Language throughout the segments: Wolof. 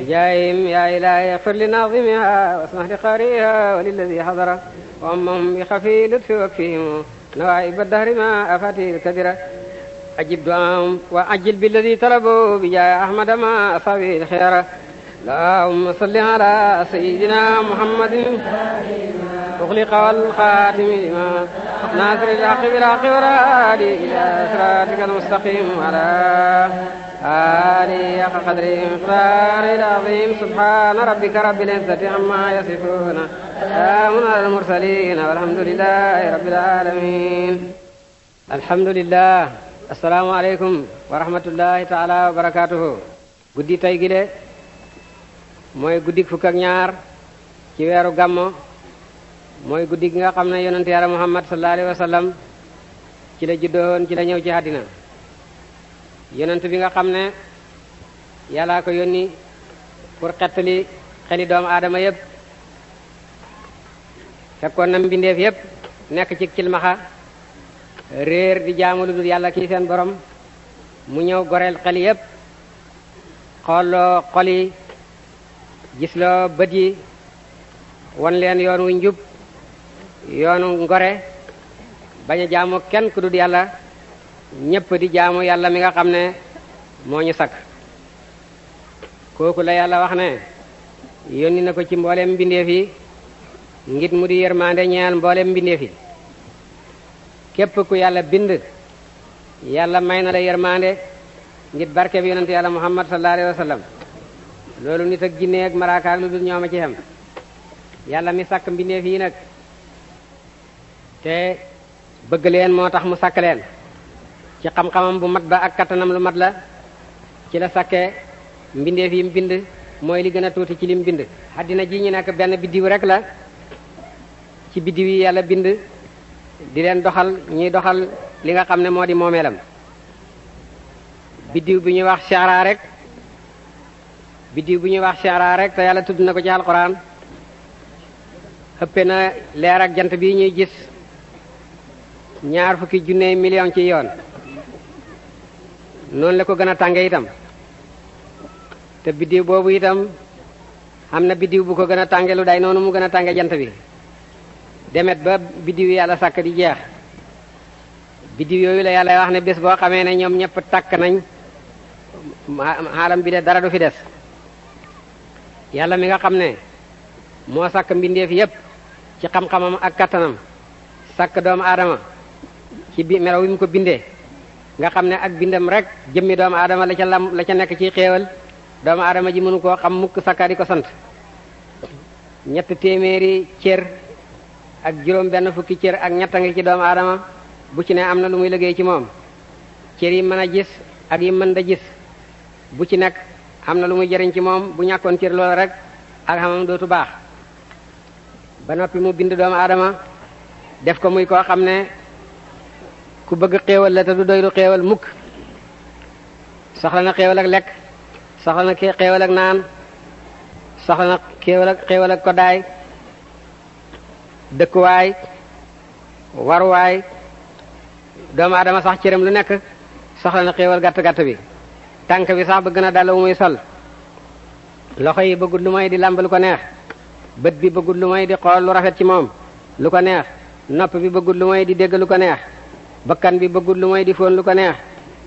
بجاههم يا إلهي اغفر لناظمها واسمح لقارئها وللذي حضر وأمهم بخفي لطف وكفهم نوائب الدهر ما أفاته الكدرة أجب دعاهم وأجل بالذي طلبوا بجاه أحمد ما أصابه الخيرة اللهم صل على سيدنا محمد أغلق والخاتم لما ناصر الحق بالحق والهادي إلى صراطك المستقيم على آني حق قدر إنفار العظيم سبحان ربك رب العزة عما يصفون سلام على المرسلين والحمد لله رب العالمين الحمد لله السلام عليكم ورحمة الله تعالى وبركاته guddi tey gi mooy guddi fukk ñaar ci weeru gàmmo mooy guddi gi nga xam ne yonent yàlla Muhammad sallallahu alayhi la juddoon ci la ñëw ci àddina yonent bi nga xam ne yàllaa ko yónni pour xettali xeli doomu aadama yépp fekkoon na mbindeef yépp nekk ci cilmaxa réer di jaamu lu dul yàlla kii seen borom mu ñëw goreel xel yépp xooloo xol yi gisloo bët yi won leen yoon wu njub yoonu ngore bañ a jaamu kenn ku dul yàlla ñépp di jaamu yàlla mi nga xam ne moo ñu sakk kooku la yàlla wax ne yónni na ko ci mboolem mbindeef yi ngit mu di yërmaande ñeel mboolem mbindeef yi képp ku yàlla bind yàlla may na la yërmaande ngir barke bi yonent yàlla muhammad sallallahu alayhi wa sallam loolu nit ak jinne ak maraaka lu dul ñooma ci xem yàlla mi sàkk mbindeef yi nag te bëgg leen moo tax mu sàkk leen ci xam-xamam bu mat ba ak kattanam lu mat la ci la sàkkee mbindeef yi mu bind mooy li gën a tuuti ci lim bind àddina ji ñu nekk benn biddiw rek la ci biddiw yi yàlla bind di leen doxal ñuy doxal li nga xam ne moo di moomeelam biddiw bi ñuy wax chara rek biddiw bi ñuy wax chara rek te yàlla tudd na ko ci alquran ëppe na leer ak jant bi ñuy gis ñaar fukki junne million ci yoon noonu la ko gën a tànge itam te biddiw boobu itam am na biddiw bu ko gën a tànge day noonu mu gën a tànge jant bi demet ba biddiw yàlla sàkk di jeex biddiw yooyu la yàlla wax ne bés boo xamee ne ñoom ñëpp tàkk nañ xaalam bi de dara du fi des yàlla mi nga xam ne moo sàkk mbindeef yépp ci xam-xamam ak kattanam sàkk doomu aadama ci bi melo wi mu ko bindee nga xam ne ak bindam rek jëmmi doomu aadama la ca lam la ca nekk ci xéewal doomu aadama ji mënu koo xam mukk sakka ko sant ñett téeméeri cër ak juróom benn fukki cër ak ñetta ngi ci doomu aadama bu ci ne am na lu muy liggéey ci moom cër yi mën a gis ak yi mën da gis bu ci nekk am na lu muy jariñ ci moom bu ñàkkoon cër lool rek ak xamam dootu baax ba noppi mu bind doomu aadama def ko muy koo xam ne ku bëgg xéewal la te du doylu xéewal mukk soxla na xéewal ak lekk soxla na xéewal ak naan soxla na xéewal ak xéewal ak kodaay dëkkuwaay waruwaay doomu aadama sax cëram lu nekk soxla na xéewal gàtt gàtt bi tànk bi sax bëgg na dalawu muy sol loxo yi bëggut lu may di làmb lu ko neex bët bi bëggut lu may di xool lu rafet ci moom lu ko neex nopp bi bëggut lu may di dégg lu ko neex bakkan bi bëggut lu may di foon lu ko neex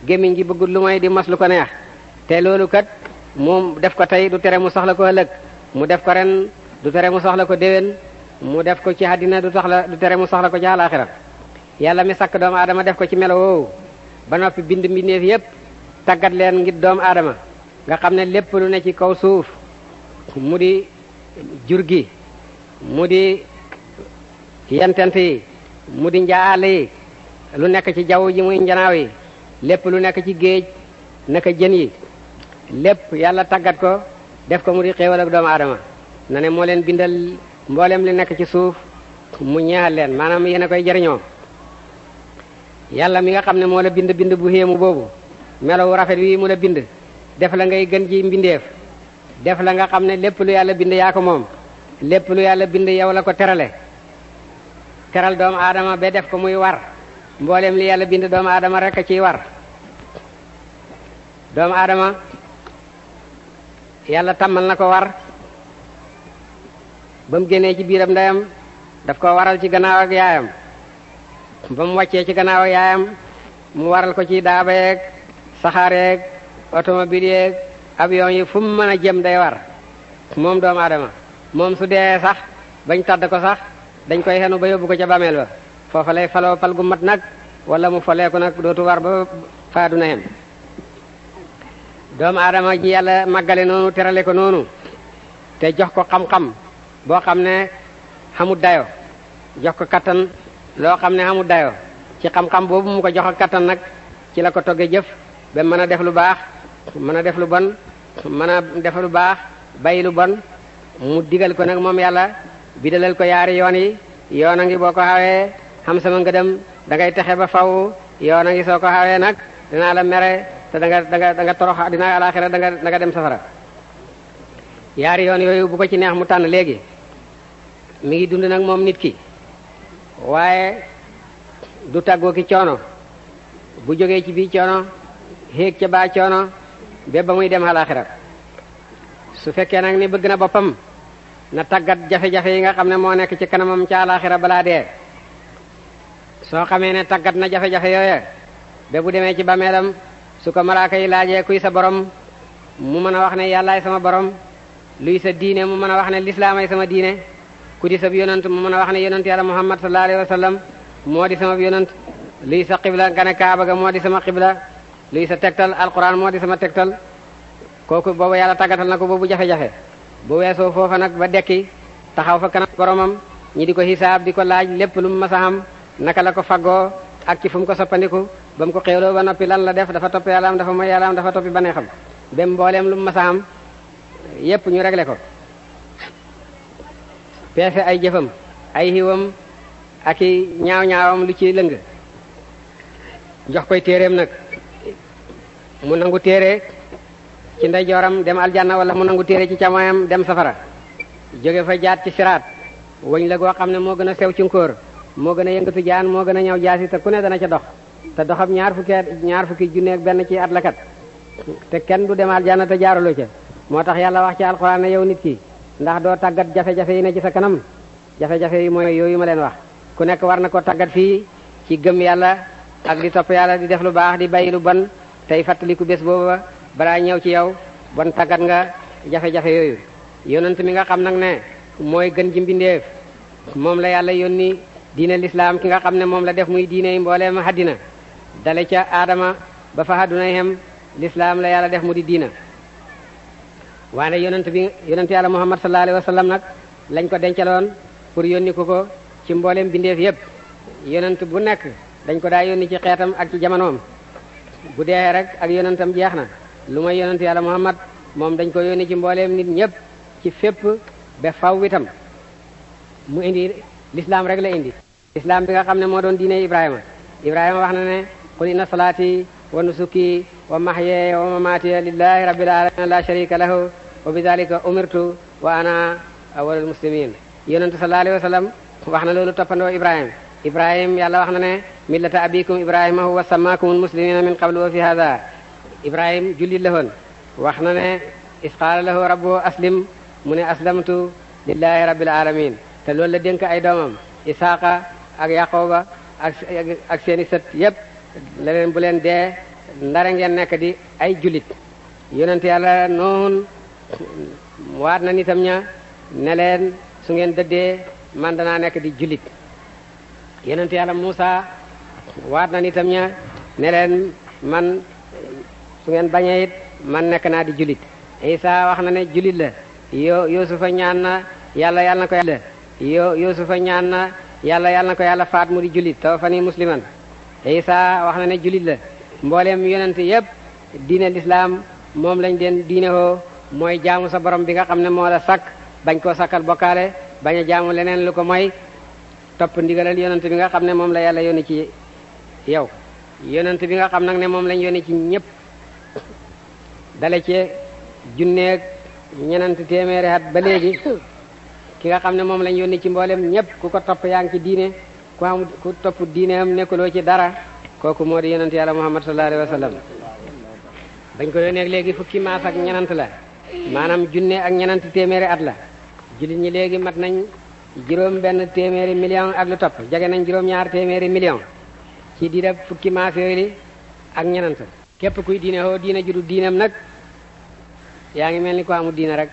gémmiñ gi bëggut lu may di mas lu ko neex te loolu kat moom def ko tey du tere mu soxla ko ëllëg mu def ko ren du tere mu soxla ko déwén mu def ko ci àddina du soxla du tere mu soxla ko ci àllaaxira yàlla mi sakk doomu aadama def ko ci melo woowu ba noppi bind mbindeef yépp taggat leen ngir doomu aadama nga xam ne lépp lu ne ci kaw suuf mu di jur gi mu di yentent yi mu di njaal yi lu nekk ci jaww ji muy njanaaw yi lépp lu nekk ci géej naka jën yi lépp yàlla tàggat ko def ko mu di xéewal doomu aadama na ne moo leen bindal mboolem li nekk ci suuf mu ñeexal leen maanaam yéen a koy jariñoo yàlla mi nga xam ne moo la bind bind bu xéemu boobu melow rafet wi mu la bind def la ngay gën ji mbindeef def la nga xam ne lépp lu yàlla bind yaa ko moom lépp lu yàlla bind yow la ko terale teral doomu aadama ba def ko muy war mboolem li yàlla bind doomu aadama rek a ciy war doomu aadama yàlla tàmmal na ko war ba mu génnee ci biiram ndeyam daf ko waral ci gannaaw ak yaayam ba mu wàccee ci gannaaw ak yaayam mu waral ko ci daaba yeeg saxaar yeeg automobile yeeg yoon yi fu mu mën a jëm day war moom doomu aadama moom su sax bañ tàdd ko sax dañ koy xenu ba yóbbu ko ca bàmmeel ba foofa lay faloo fal gu mat nag wala mu ko nag dootu war ba faadu na yem doomu aadama ji yàlla màggale noonu terale ko noonu te jox ko xam-xam boo xam ne xamut dayo jox ko kattan loo xam ne xamut dayo ci xam-xam boobu mu ko jox kattan nag ci la ko togge jëf ba mën a def lu baax mën a def lu bon mën a def lu baax bàyyi lu bon mu digal ko nag moom yàlla bidalal ko yaari yoon yi yoon a ngi boo ko xawee xam sama ngëdëm da ngay texe ba faw yoon a ngi soo ko xawee nag dinaa la mere te da nga da nga da nga torox dinaa alaxira da dem safara yaari yoon yooyu bu ko ci neex mu tànn léegi mi ngi dund nag moom nit ki waaye du tàggoo ki coono bu jógee ci bii coono xéeg ca baa coono bé ba muy dem alaxira su fekkee nag ni bëgg na boppam na tàggat jafe-jafe yi nga xam ne moo nekk ci kanamam ca alaxira balaa dee soo xamee ne tàggat na jafe-jafe yooya ba bu demee ci bameelam su ko malaaka yi laajee kuy sa borom mu mën a wax ne yàllaay sama borom luy sa diine mu mën a wax ne lislaamay sama diine ku di sab yonant mu mën a wax ne yonant yàlla muhammad sallallahu alayhi wa sallam moo di sama yonant luy sa xibla nga ne kaaba ga moo di sama xibla luy sa tegtal alquran moo di sama tegtal kooku boobu yàlla tàggatal na ko boobu jafe-jafe bu weesoo foofa nag ba dekki taxaw fa kanam boromam ñi naka la ko faggoo ak ci fu ko soppandiku ba mu ko xéewloo ba noppi lan la def dafa topp yàllaam dafa moy yàllaam dafa toppi baneexam bem mbooleem lu mu masa yépp ñu réglé ko peese ay jëfam ay xiwam ak i ñaaw-ñaawam lu ci lëng jox koy téeréem nag mu nangu téere ci ndeyjooram dem aljanna wala mu nangu téere ci càmmoñam dem safara jóge fa jaat ci siraat wëñ la goo xam ne moo gën a sew ci ngóor moo gën a yëngatu jaan moo gën a ñaw jaasi te ku ne dana ca dox te doxam ñaar fukki ñaar fukki junne ak benn ci at la te kenn du demaal jaan te jaaraloo ca moo tax yàlla wax ci alxuraan na yow nit ki ndax doo tàggat jafe-jafe yi na ci sa kanam jafe-jafe yi mooy yooyu ma leen wax ku nekk war na ko tàggat fii ci gëm yàlla ak di topp yàlla di def lu baax di bàyyi lu bon tey ku bés booba balaa ñëw ci yow bon tàggat nga jafe-jafe yooyu yonent nga xam nag ne mooy gën ji la yàlla yónni diine lislaam ki nga xam ne moom la def muy diine yi mbooleem haddina dale ca aadama ba fa hadduna yem lislaam la yàlla def mu di diina waane yonent bi yonent yàlla muhammad sallallahu alayhi wa sallam nag lañ ko dencaloon pour yónni ko ko ci mbooleem bindeef yépp yonent bu nekk dañ ko daa yónni ci xeetam ak ci bu deexee rek ak yonentam jeex na lu may yonent yàlla muhammad moom dañ ko yónni ci mbooleem nit ñépp ci fépp ba faw itam mu indi lislaam rek la indi islam bi nga xam ne moo doon diine Ibrahima Ibrahima wax na ne qul inna salaati wa nusuki wa mahyeya wa mamatiya lillahi rabbil alamin la sharika lahu wa bidhalika umirtu wa ana awwalul muslimin yonentu sallallahu alayhi wa sallam wax na loolu toppandoo Ibrahima Ibrahima yàlla wax na ne millata abikum Ibrahima huwa sammakumul muslimina min qablu wa fi hadha Ibrahima jullit la woon wax na ne is qaala lahu rabbuhu aslim mu ne aslamtu lillahi rabbil alamin te loolu la dénk ay doomam Isaaqa ak yaqooba ak ak seeni sët yépp la leen bu leen dee ndara ngeen nekk di ay jullit yonent yàlla noon waat na nitam ña ne leen su ngeen dëddee man danaa nekk di jullit yonent yàlla Muusa waat na nitam ña ne leen man su ngeen bañee it man nekk naa di jullit Isa wax na ne jullit la yo Yusufa ñaan na yàlla yàlla na ko yàlla yo Yusufa ñaan na yàlla yàlla na ko yàlla faat mu di jullit tawaffanii musliman Isa wax na ne jullit la mbooleem yonent yépp diine lislaam moom lañ den diine hoo mooy jaamu sa borom bi nga xam ne moo la sakk bañ koo sakkal bokkaale bañ a jaamu leneen lu ko mooy topp ndigalal yonent bi nga xam ne moom la yàlla yónni ci yow yonent bi nga xam nag ne moom lañ yónni ci ñépp dale ci junneeg ñenent téeméeri at ba léegi ki nga xam ne moom lañ yónni ci mboolem ñëpp ku ko topp yaa ngi ci diine ku am ku topp diine am nekkuloo ci dara kooku moo di yonent yàlla muhammad sallallahu wa sallam bañ ko yónnee léegi fukki maas ak ñenant la maanaam junne ak ñenant téeméeri at la jullit ñi léegi mat nañ juróom benn téeméeri million ak lu topp jege nañ juróom ñaar téeméeri million ci di def fukki maas yooyu li ak ñenant képp kuy diine hoo diine judu diineem nag yaa ngi mel ni ko amul diine rek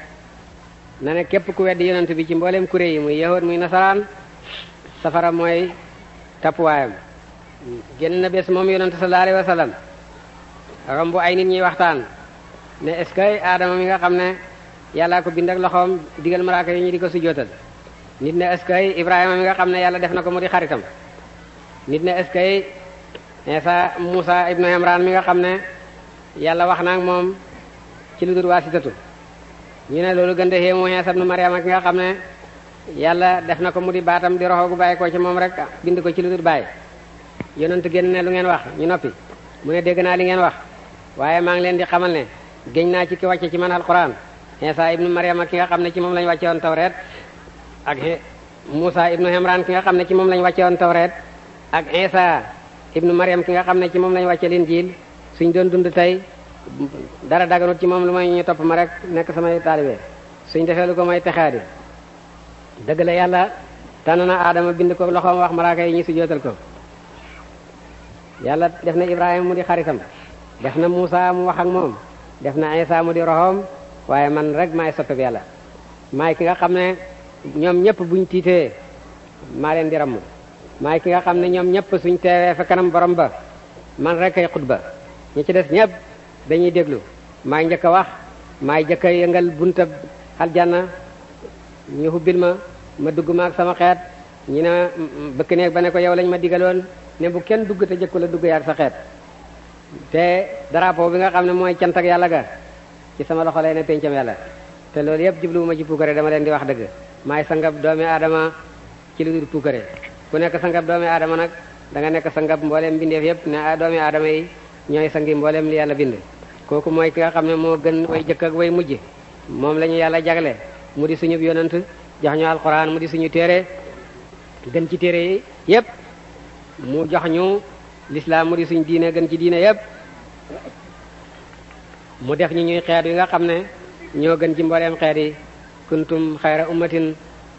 na ne képp ku weddi yonent bi ci mbooleem kuré yi muy yahood muy nasaraan safara mooy tappuwaayam génn na bés moom yonent sallallahu alayhi wa romb ay nit ñuy waxtaan ne est ce que aadama mi nga xam ne yàlla ko bind ak loxoom digal maraaka yi ñu di ko sujjootal nit ne est ibrahima mi nga xam ne yàlla def na ko mu di xaritam nit ne est ce que Isa Musa ibnu mi nga xam ne yàlla wax na ak moom ci lu dul waasitatu ñu ne loolu gën de xéemu Iisa ibnu Maryam ak nga xam ne yàlla def na ko mu di baatam di roxo gu bàyyi ko ci moom rek bind ko ci lu dul bàyyi yonent génn ne lu ngeen wax ñu noppi mu ne dégg naa li ngeen wax waaye maa ngi leen di xamal ne géñ naa ci ki wàcce ci man alquran Iisa ibnu Maryam ak ki nga xam ne ci moom lañu wàcce woon tawreet ak Muusa ibnu Imran ki nga xam ne ci moom lañu wàcce woon tawreet ak Iisa ibnu Maryam ki nga xam ne ci moom lañu wàcce linjiil suñ doon dund tey dara daganut ci moom lu may ñu topp ma rek nekk samay taalibe suñ defee lu ko may texaadi dëgg la yàlla tànn na aadama bind ko loxoom wax malaaka yi ñu sujjootal ko yàlla def na ibrahima mu di xaritam def na muusa mu wax ak moom def na ay mu di roxoom waaye man rek maay soppe bi yàlla maay ki nga xam ne ñoom ñëpp buñ tiitee maa leen di ramm maay ki nga xam ne ñoom ñëpp suñ teewee fa kanam borom ba man rekk kay xutba ñu ci des ñëpp dañuy déglu maay njëkk a wax maay njëkk a yëngal bunta aljanna ñu hubbil ma ma dugg ma ak sama xeet ñi ne bëkk neeg ba ne ko yow lañ ma digaloon ne bu kenn dugg te jëkku la dugg yaag sa xeet te drapeau bi nga xam ne mooy cant yàlla ga ci sama loxo lay ne pencam yàlla te loolu yëpp jubluwuma ci puukare dama leen di wax dëgg maay sangab doomi aadama ci lu dul puukare ku nekk sangab doomi aadama nag da nga nekk sangab mboolee mbindeef yëpp ne ah, doomi aadama yi ñooy sangi mbooleem li yàlla bind kooku mooy ki nga xam ne moo gën way jëkk ak way mujj moom lañu ñu yàlla jagle mu di suñu yonant jox ñu alxuraan mu di suñu téere gën ci téere yi yépp mu jox ñu lislaam mu di suñu diine gën ci diine yépp mu def ñu ñuy xeet yi nga xam ne ñoo gën ci mbooleem xeet yi kuntum xayra ummatin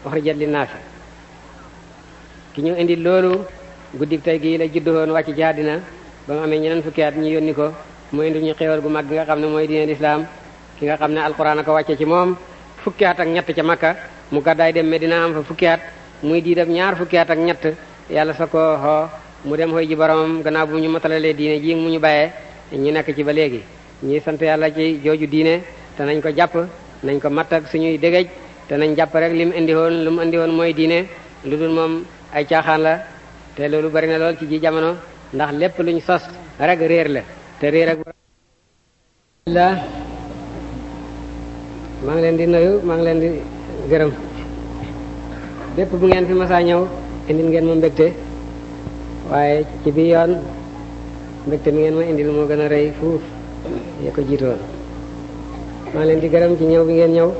uxrijat linnaasi ki ñu indi loolu guddik tey gii la juddu woon wàcc ci àddina ba mu amee ñeneen fukki at ñu yónni ko mu indi ñu xéewal gu mag gi nga xam ne mooy diine lislaam ki nga xam ne alquran a ko wàcce ci moom fukki at ak ñett ca makka mu gàddaay dem dina am fa fukki at muy diidam ñaar fukki at ak ñett yàlla sa ko xoo mu dem xoy ji boromam gannaaw bu ñu matalalee diine ji mu ñu bàyyee ñu nekk ci ba léegi ñuy sant yàlla ci jooju diine te nañ ko jàpp nañ ko matt ak suñuy dégej te nañ jàpp rek li mu indi woon lu mu indi woon mooy diine lu dul moom ay caaxaan la te loolu bari na lool ci jamono ndax lépp luñ sos rek réer la te réer ak la maa ngi leen di nuyu maa ngi leen di gërëm bépp bu ngeen fi masaa ñëw indil ngeen ma mbégte waaye ci bi yoon mbégte mi ngeen ma indil moo gën a rëy fuuf ya ko jiitoon maa ngi leen di gërëm ci ñëw bi ngeen ñëw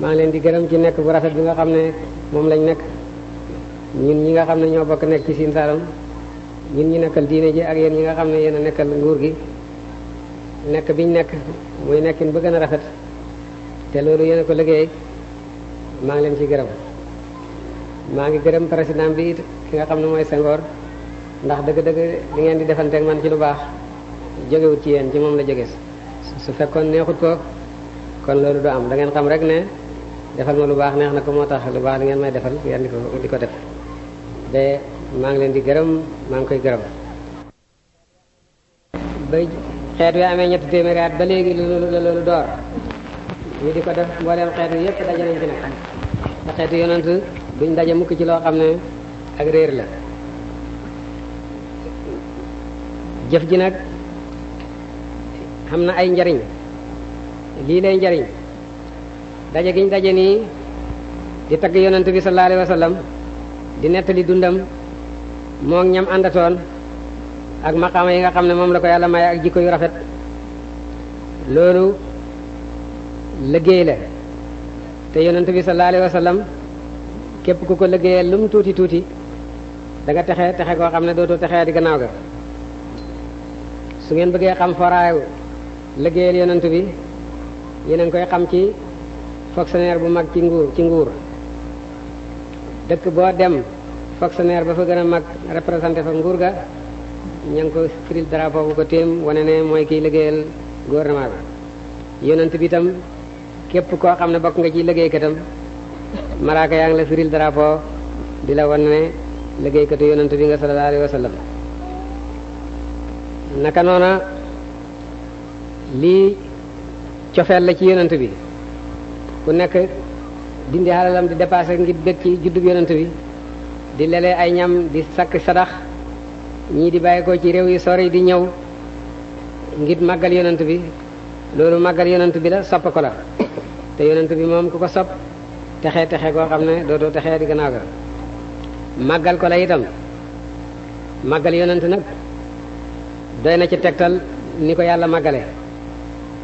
maa ngi leen di gërëm ci nekk bu rafet bi nga xam ne moom lañ nekk ñun ñi nga xam ne ñoo bokk nekk ci Sine Saloum ñun ñi nekkal diine ji ak yéen ñi nga xam ne yéen a nekkal nguur gi nekk biñ nekk muy nekkin ba gën a rafet te loolu yéen ko liggéey maa ngi leen ci gërëm maa ngi gërëm président bi it ki nga xam ne mooy Senghor ndax dëgg-dëgg di ngeen di defanteeg man ci lu baax jógewut ci yéen ci moom la jóge su fekkoon neexut ko kon loolu du am da ngeen xam rek ne defal ma lu baax neex na ko moo tax lu baax li ngeen may defal ngeen di ko di ko def maa ngi leen di gërëm maa ngi koy gërëm ba xeet wi amee ñetti téeméeri ba léegi la loolu door ñu di ko def mbooleem xeet wi yëpp daje nañ nag te xeetu yonent duñ daje mukk ci loo xam ne ak réer la jëf ji nag xam na ay njariñ lii lay njariñ daje giñ daje nii di tagg yonent bi sallallahu alayhi wa di nettali dundam moo ñam àndatoon ak maqaama yi nga xam ne moom la ko yàlla maye ak jikko yu rafet loolu liggéey la te yonent bi sallallahu alayhi wa sallam képp ku ko liggéeyal lu tuuti tuuti danga texe texe koo xam ne dootoo texee di gannaaw ga su ngeen bëggee xam foraayu liggéeyal yonent bi yéen a koy xam ci fonctionnaire bu mag ci nguur ci nguur dëkk boo dem fonctionnaire ba fa gën a mag représenté fa nguur ga ña ngi ko firil drapeau bu ko téem wane ne mooy kii liggéeyal gouvernement bi yonent bi itam képp koo xam ne bokk nga ci liggéeykatam malaaka yaa ngi la firil drapeau di la wan ne liggéeykatu yonent bi nga sallallahu alayhi wa sallam naka lii cofeel la ci yonent bi ku nekk dindi alalam di dépassé ngir bëgg ci juddub yonent bi di lelee ay ñam di sakk sadax ñii di bàyyi ko ci réew yi sori di ñëw ngir màggal yonent bi loolu màggal yonent bi la sopp ko la te yonent bi moom ku ko sopp texee texe koo xam ne dootoo texe di gannaaw ga màggal ko la itam màggal yonent nag doy na ci tegtal ni ko yàlla màggale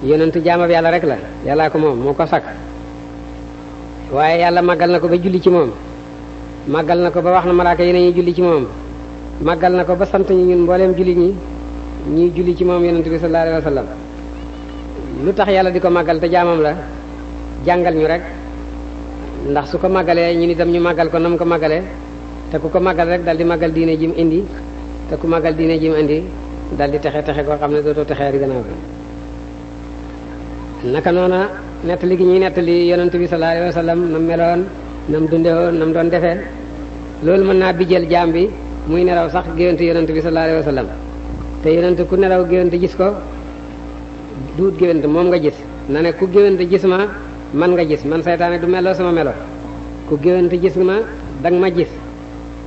yonent jaamab yàlla rek la yàllaa ko moom moo ko sakk waaye yàlla màggal na ko ba julli ci moom màggal na ko ba wax na malaaka yi ñuy julli ci moom màggal na ko ba sant ñu ñun mbooleem julli ñi ñuy julli ci moom yonent bi sallallahu alayhi wa sallam lu tax yàlla di ko màggal te jaamam la jàngal ñu rek ndax su ko màggalee ñu itam ñu màggal ko nam ko màggalee te ku ko màggal rek dal di màggal diine ji indi te ku màggal diine ji indi dal di texe texe koo xam ne dootoo texe ak gannaaw bi naka noona nettali gi ñuy nettali yonent bi sallallahu alayhi nam dunde woon nam doon defee loolu mën naa bijjal jaam bi muy nelaw sax géwante yonent bi sallallahu alayhi wa sallam te yonent ku nelaw géwante gis ko duut géwante moom nga jis na ne ku géwante gis ma man nga gis man saytaane du meloo sama melo ku géwante gis ma danga ma gis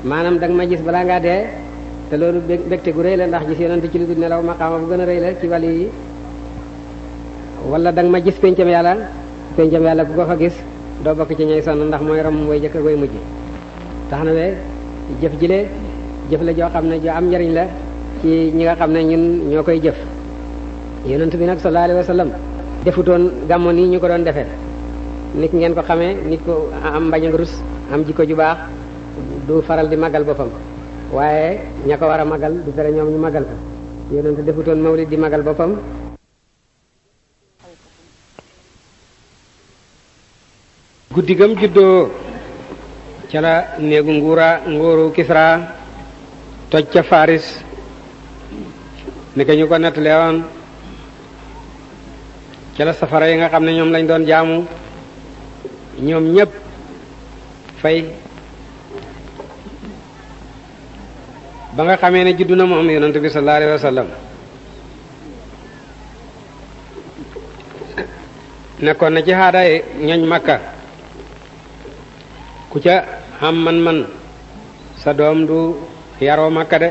maanaam danga ma gis balaa ngaa dee te loolu mbégte gu rëy la ndax gis yonent ci lu dul nelaw maqaama bu gën a rëy la ci wàll yi wala danga ma gis pencam yàlla pencam yàlla ku ko fa gis doo bokk ci ñooy sonn ndax mooy ram mooy jëkk ak way mujj tax na we jëf jile jëf la joo xam ne joo am njariñ la ci ñi nga xam ne ñun ñoo koy jëf yonent bi nag sallallahu alayhi wa sallam defutoon gàmmo nii ñu ko doon defee nit ngeen ko xamee nit ko am mbañ ak rus am jikko ju baax du faral di màggal boppam waaye ña ko war a magal du tere ñoom ñu màggal ko yonent defutoon mawlid di magal boppam guddi gam juddoo ca la néegu nguura nguuru Kisra toj ca Faris ni ñu ko nettalee woon ca la safara yi nga xam ne ñoom lañ doon jaamu ñoom ñépp fay ba nga xamee ne juddu na moom yonent bi sallallahu alayhi nekkoon na ci xaadaay ñooñ Makka ku ca am man-man sa doom du yaroo makka de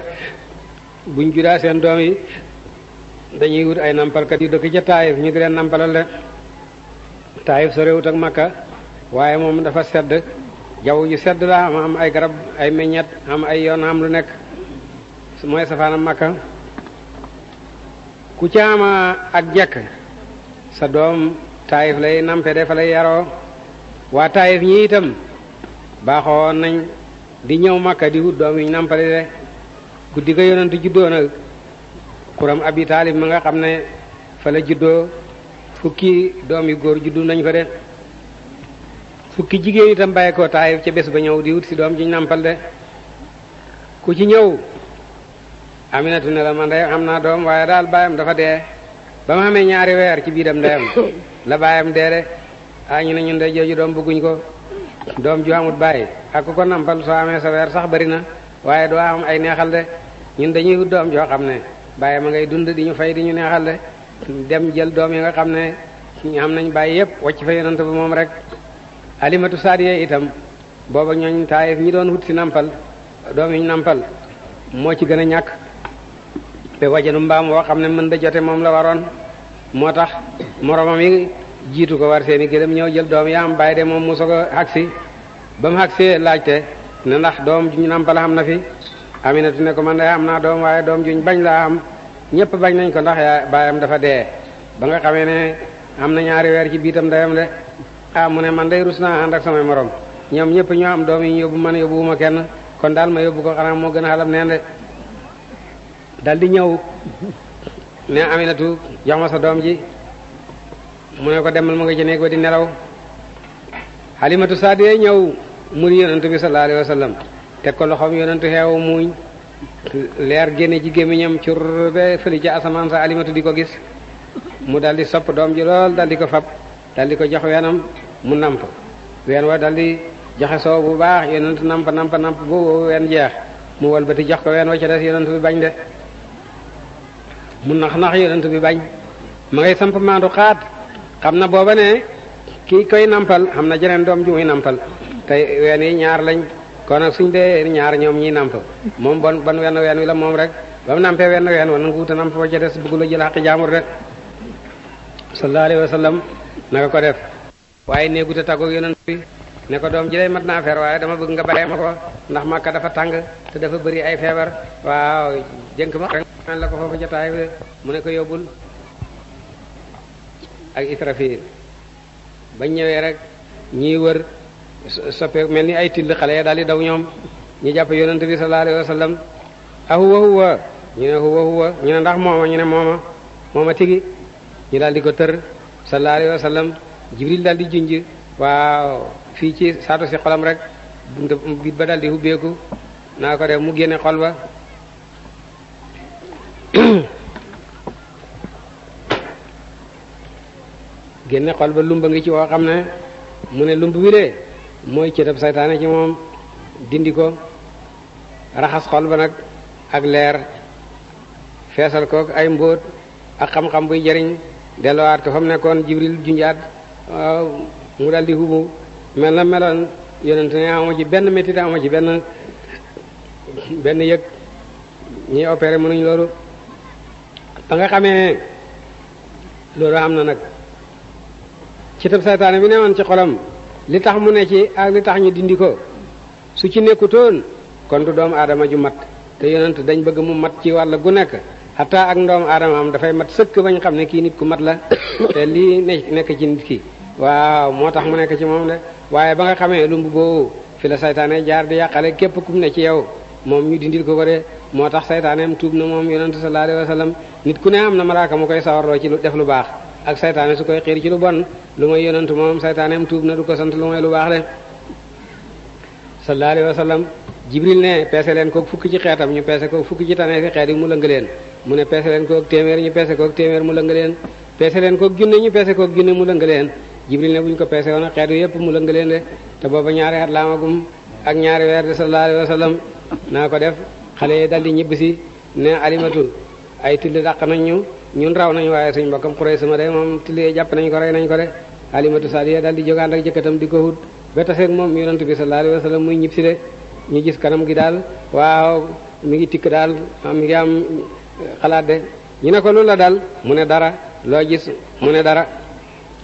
buñ judaa seen doom yi dañuy wut ay nampalkat yu dëkk ca taayif ñu di leen nampalal taayif sa réewut makka waaye moom dafa sedd jaww ju sedd la am ay garab ay meññet am ay yoon am lu nekk mooy safaanam makka ku ca ama ak jekk sa doom taayif lay nampe de fa lay yaroo waa taayif ñi itam baaxoon nañ di ñëw Makka di wut doom yi ñu nampale de guddi ga yonentu juddoo nag xuram Abi Taalib ma nga xam ne fa la juddoo fukki doom yu góor juddu nañ fa de fukki jigéen itam bàyyi ko taayif ca bés ba ñëw di wut si doom ji ñu de ku ci ñëw Aminatu ne la man de xam naa doom waaye daal baayam dafa dee ba ma xamee ñaari weer ci biiram ndeyam la baayam dee de ah ñu ne ñun de jooju doom bëgguñ ko. doom ju amut bàyyi ak ko nampal soo amee sa weer sax bari na waaye doo am ay neexal de ñun dañuy wut doom joo xam ne bàyyi ma ngay dund di ñu fay di ñu neexal de dem jël doom yi nga xam ne ñu am nañ bàyyi yépp wacc fa yonent ba moom rek alimatu saadiya itam booba ñooñ taayif ñi doon wut si nampal doom yi ñu nampal moo ci gën a ñàkk te wajanu mbaam woo xam ne mën da jote moom la waroon moo tax moromam yi jiitu ko war seeni mu ñëw jël doom yaa am baay de moom mu soog a agsi ba mu agsee laajte ne ndax doom juñ nàmpal xam na fi Aminatu ne ko man am naa doom waaye doom juñ bañ laa am ñëpp bañ nañ ko ndax yaa baayam dafa dee ba nga xamee ne am na ñaari weer ci biitam ndeyam de ah mu ne man day rus naa ànd ak samay moroom ñoom ñëpp ñu am doom yi yóbbu man yóbbuwuma kenn kon daal ma yóbbu ko xanaa moo gën a xalam neen de dal di ñëw ne Aminatu jox ma sa doom ji mu ne ko demal ma nga ci néeg ba di nelaw xalimatu saadiya ñëw mu di yonantu bi sallallahu alayhi wa sallam ko loxoom yonantu xeew muuñ leer génne ci gémmiñam cur be fëli ci asamaan sa alimatu di ko gis mu dal di sopp doom ji lool dal di ko fab dal di ko jox weenam mu namp ween wa dal di joxe soow bu baax yonent namp namp namp bu wen jeex mu walbati jox ko ween wa ca yonent bi bañ de mu nax nax yonent bi bañ ma ngay samp maandu xaat xam na booba ne kii koy nampal xam na jeneen doom ju muy nampal te ween ñaar lañ kon nag suñ dee ñaar ñoom ñii namp moom bon ban wenn ween wi la moom rek ba mu nampee wenn ween wa nangu wuta namp ba ca des bëggula jël xaqi jaamur rek sallallahu alayhi wa sallam ko def waaye néegu te taggoog yonent bi ne ko doom ji day mat naa feer waaye dama bëgg nga bàyyi ma ko ndax Makka dafa tàng te dafa bëri ay feebar waaw jënk ma ko foofu jotaay mu ne ko yóbbul ak Israfil bañ ñëwee rek ñiy wër soppe mel ni ay till xale ya daal daw ñoom ñu jàpp yonent bi sallallahu alayhi wa sallam a ah, huwa huwa ñu ne huwa huwa ñu ne ndax mooma ñu ne mooma mooma tigi ñu daal di ko tër sallallahu alayhi jibril daal di junj waaw fii ci saatu si xolam rek bit ba daal di hubbeeku naa ko def mu génne xol ba génne xol ba lumba ngi ci woo xam ne mu ne lumb bi de mooy cëtab saytaane ci moom dindi ko raxas xol ba nag ak leer feesal ko ay mbóot ak xam-xam buy jariñ delluwaat ko fa mu nekkoon jibril junjaat waaw mu daldi hubu mel na meloon yonent ne amu ci benn métit amu ci benn benn yëg ñi opéré mënuñ loolu ba xamee loolu am na nag cëtëb seytaane bi newoon ci xolam li tax mu ne ci ak li tax ñu dindi ko su ci nekkutoon kon du doomu aadama ju mat te yonent dañ bëgg mu mat ci wàll gu nekk xataa ak ndoomu aadama am dafay mat sëkk bañ xam ne kii nit ku mat la te lii nekk ci nit ki waaw moo tax mu nekk ci moom de waaye ba nga xamee lu mbubboo fi la saytaane jaar di yàqale képp kum ne ci yow moom ñu dindil ko ko de moo tax saytaaneem tuub na moom yonent sallallahu alayhi wa sallam nit ku ne am na malaaka mu koy sawarloo ci lu def lu baax ak saytaane su koy xiir ci lu bon lu may yonent moom saytaaneem tuub na du ko sant lu may lu baax le sallallahu alayhi wa sallam jibril ne peese leen kook fukki ci xeetam ñu peese kook fukki ci tane si xeet yi mu lëng leen mu ne peese leen kook téeméer ñu peese kook téeméer mu lëng leen peese leen kook junne ñu peese kook junne mu lëng leen jibril ne bu ñu ko peese woon xeet yu yëpp mu lëng leen de te booba ñaari at laamagum ak ñaari weer de sallallahu alayhi naa ko def xale yi daldi ñibbisi ne alimatu ay tilli dàq nañ ñu ñun raw nañu waaye suñ mbokkam xurey sama de moom tilee jàpp nañ ko rey nañ ko de alimatu sadiya daal di jógaan ak jëkkatam di ko wut ba taseeg moom yonent bi sallallahu alayhi wasallam muy ñib si de ñu gis kanam gi daal waaw mi ngi tikk daal mi ngi am xalaat de ñu ne ko loolu la daal mu ne dara loo gis mu ne dara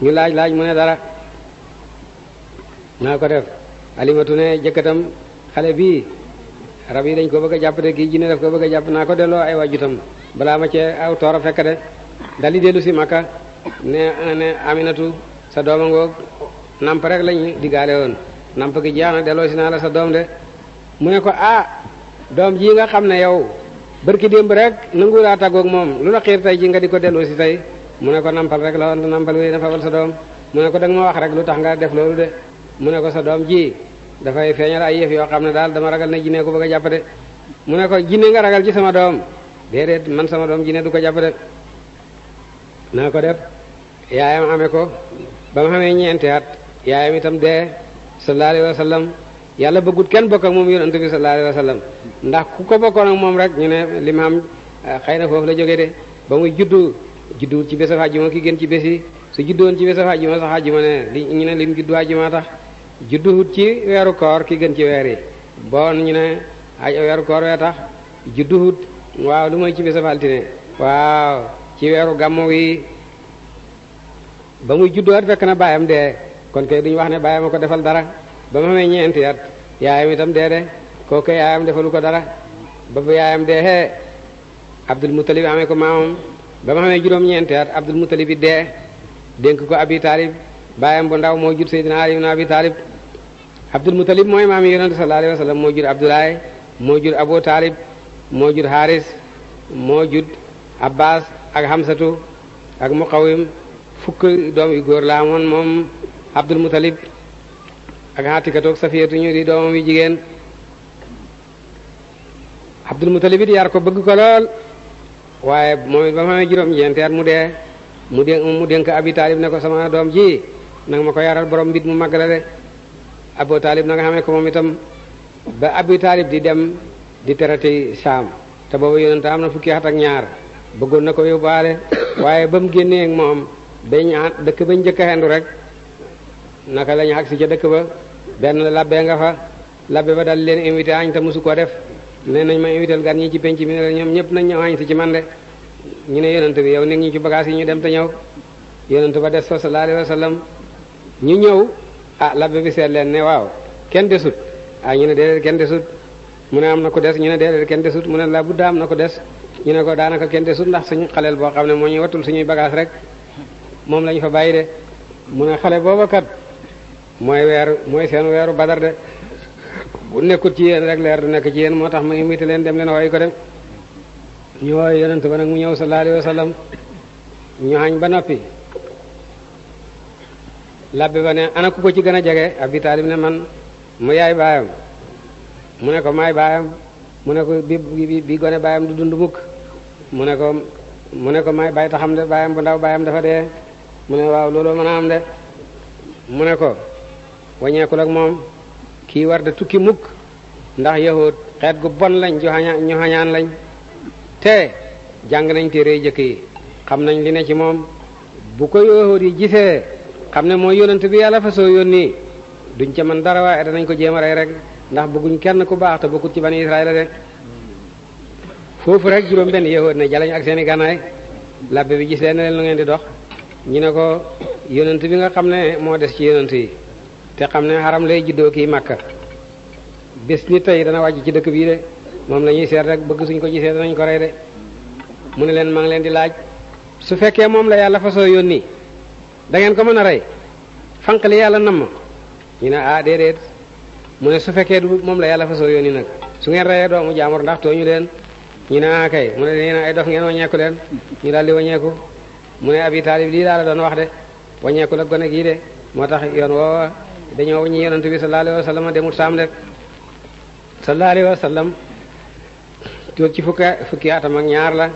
ñu laaj laaj mu ne dara naa ko def alimatu ne jëkkatam xale bii rab yi dañ ko bëgg jàpp de kii jinne daf ko bëgg jàpp naa ko delloo ay waajutam balaa ma cee aw a fekk de dal di dellu si Makka ne ne Aminatu sa dooma ngoog namp rek lañu diggaale woon namp gi jeex na delloo si naa la sa doom de mu ne ko ah doom ji nga xam ne yow bërki démb rek nangu laa tàggoog moom lu la xiir tey nga di ko delloo si tey mu ne ko nampal rek la woon nampal wéy na sa doom mu ne ko da nga ma wax rek lu tax nga def loolu de mu ne ko sa doom ji dafay feeñal ay yëf yoo xam ne daal dama ragal ne jinne ko bëgg ko jinne nga déedéet man sama doom ji ne du ko jàpp naa ko def yaayam amee ko ba mu xamee ñeenti at yaayam itam dee sallallahu alayhi wa sallam yàlla bëggut kenn bokk ak moom yonent bi sallallahu alayhi wa sallam ndax ku ko bokkoon ak moom rek ñu ne li mu am ah, xëy na foofu la jógee de ba juddu juddu ci bés ajjuma ki gën ci bés su juddoon ci bés ajjuma sax ajjuma ne li ñu ne lim juddu ajjuma tax judduwut ci weeru koor ki gën ci weer yi bon ñu ne ay weeru koor wee tax judduwut waaw lu mooy ci bisab altine waaw ci weeru gàmmu wi ba muy juddoo at fekk na baayam dee kon kay duñu wax ne baayam a ko defal dara ba mu xamee ñeenti at yaayam itam dee de koo kay yaayam defalu ko dara ba bu yaayam dee xee Abdul Muttalib amee ko maamam ba mu xamee juróom ñeenti at Abdul Muttalib bi dee dénk ko Abi Taalib baayam bu ndaw moo jur Seydina Ali ibn Abi Taalib Abdul Muttalib mooy maam yi yonente sallallahu alayhi wa sallam moo jur Abdoulaye moo jur Abu Taalib moo jur Haris moo jur Abbas ak Hamsatu ak Muqawim fukk doom yu góor laa amoon moom Abdul Mutalib ak Atikatu ak Safiyatu ñu di doomam yu jigéen Abdul Mutalib it yar ko bëgg ko lool waaye moom it ba mu amee juróom-ñeenti mu dee mu dé mu dénk Abi Taalib ne ko sama doom ji nanga ma ko yaral boroom mbit mu màgg la de Abu Taalib na xamee ko moom itam ba Abi Taalib di dem. di terati saam te boobu yonent am na fukki at ak ñaar bëggoon na ko yóbbaale waaye ba mu génnee ak moom bañ dëkk bañ njëkk a xendu rek naka lañu agsi ca dëkk ba benn la labbe nga fa labbe ba dal leen invité añ te mosu koo def ne nañ ma invité gan ñi ci penc bi ne la ñoom ñëpp nañ ñëw añ si ci man de ñu ne yonent bi yow nit ñi ci bagage yi ñu dem te ñëw yonent ba des fa sallallahu alayhi wa sallam ñu ñëw ah labbe bi seet leen ne waaw kenn desut a ah, ñu ne déedéet kenn desut mu ne am na ko des ñu ne de kenn desut mu ne la budda am na ko des ñu ne ko daanaka kenn desut ndax suñu xaleel boo xam ne moo ñuy wattul suñuy bagage rek moom lañu fa bàyyi de mu ne xale booba kat mooy weeru mooy seen weeru badar de bu nekkut ci yéen rek leer du nekk ci yéen moo tax mu ngi invité leen dem leen wooyu ko dem ñu wooyu yonent ba nag mu ñëw sa alayhi wa sallam ñu ba noppi labbe ba ne ana ku ko ci gën a jege Abi Taalib ne man mu yaay baayam mu ne ko maay baayam mu ne ko bi bi gone baayam du dund mukk mu ne ko mu ne ko maay baay taxam de baayam bu ndaw baayam dafa dee mu ne waaw looloo mën a am de mu ne ko wañeekul ak moom kii war de tukki mukk ndax yahut xeet gu bon lañ ñu xañaan lañ te jàng nañ téere jëkk yi xam nañ li ne ci moom bu ko yahut yi gisee xam ne mooy yonent bi yàlla fa soo yónni duñ ca man dara waaye danañ ko jéem a rey rek ndax bëgguñ kenn ku baax te bokkut ci bani Israël rek foofu rek juróom benn yahud ne jalañ ak seeni gànnaay labbe bi gis na leen lu ngeen di dox ñu ne ko yonent bi nga xam ne moo des ci yonent yi te xam ne xaram lay juddoo kii màkka bés ni tey dana wàcc ci dëkk bii de moom la ñuy seet rek bëgg suñ ko gisee danañ ko rey de mu ne leen maa ngi leen di laaj su fekkee moom la yàlla fasoo yónni da ngeen ko mën a rey fanq li yàlla namm ñu ne ah mu ne su fekkee du moom la yàlla fasoo yónni nag su ngeen reyee doomu jaamur ndax tooñu leen ñu ne ah kay mu ne yéen ay dof ngeen waññeeku leen ñu daal di waññeeku mu ne abi taalib lii daal la doon wax de waññeeku la gone gii de moo tax yoon woowa dañoo waññi yonent bi sallallahu alayhi wa sallam demul saam de sallallahu alayhi wa sallam tuut ci fukki fukki atam ak ñaar la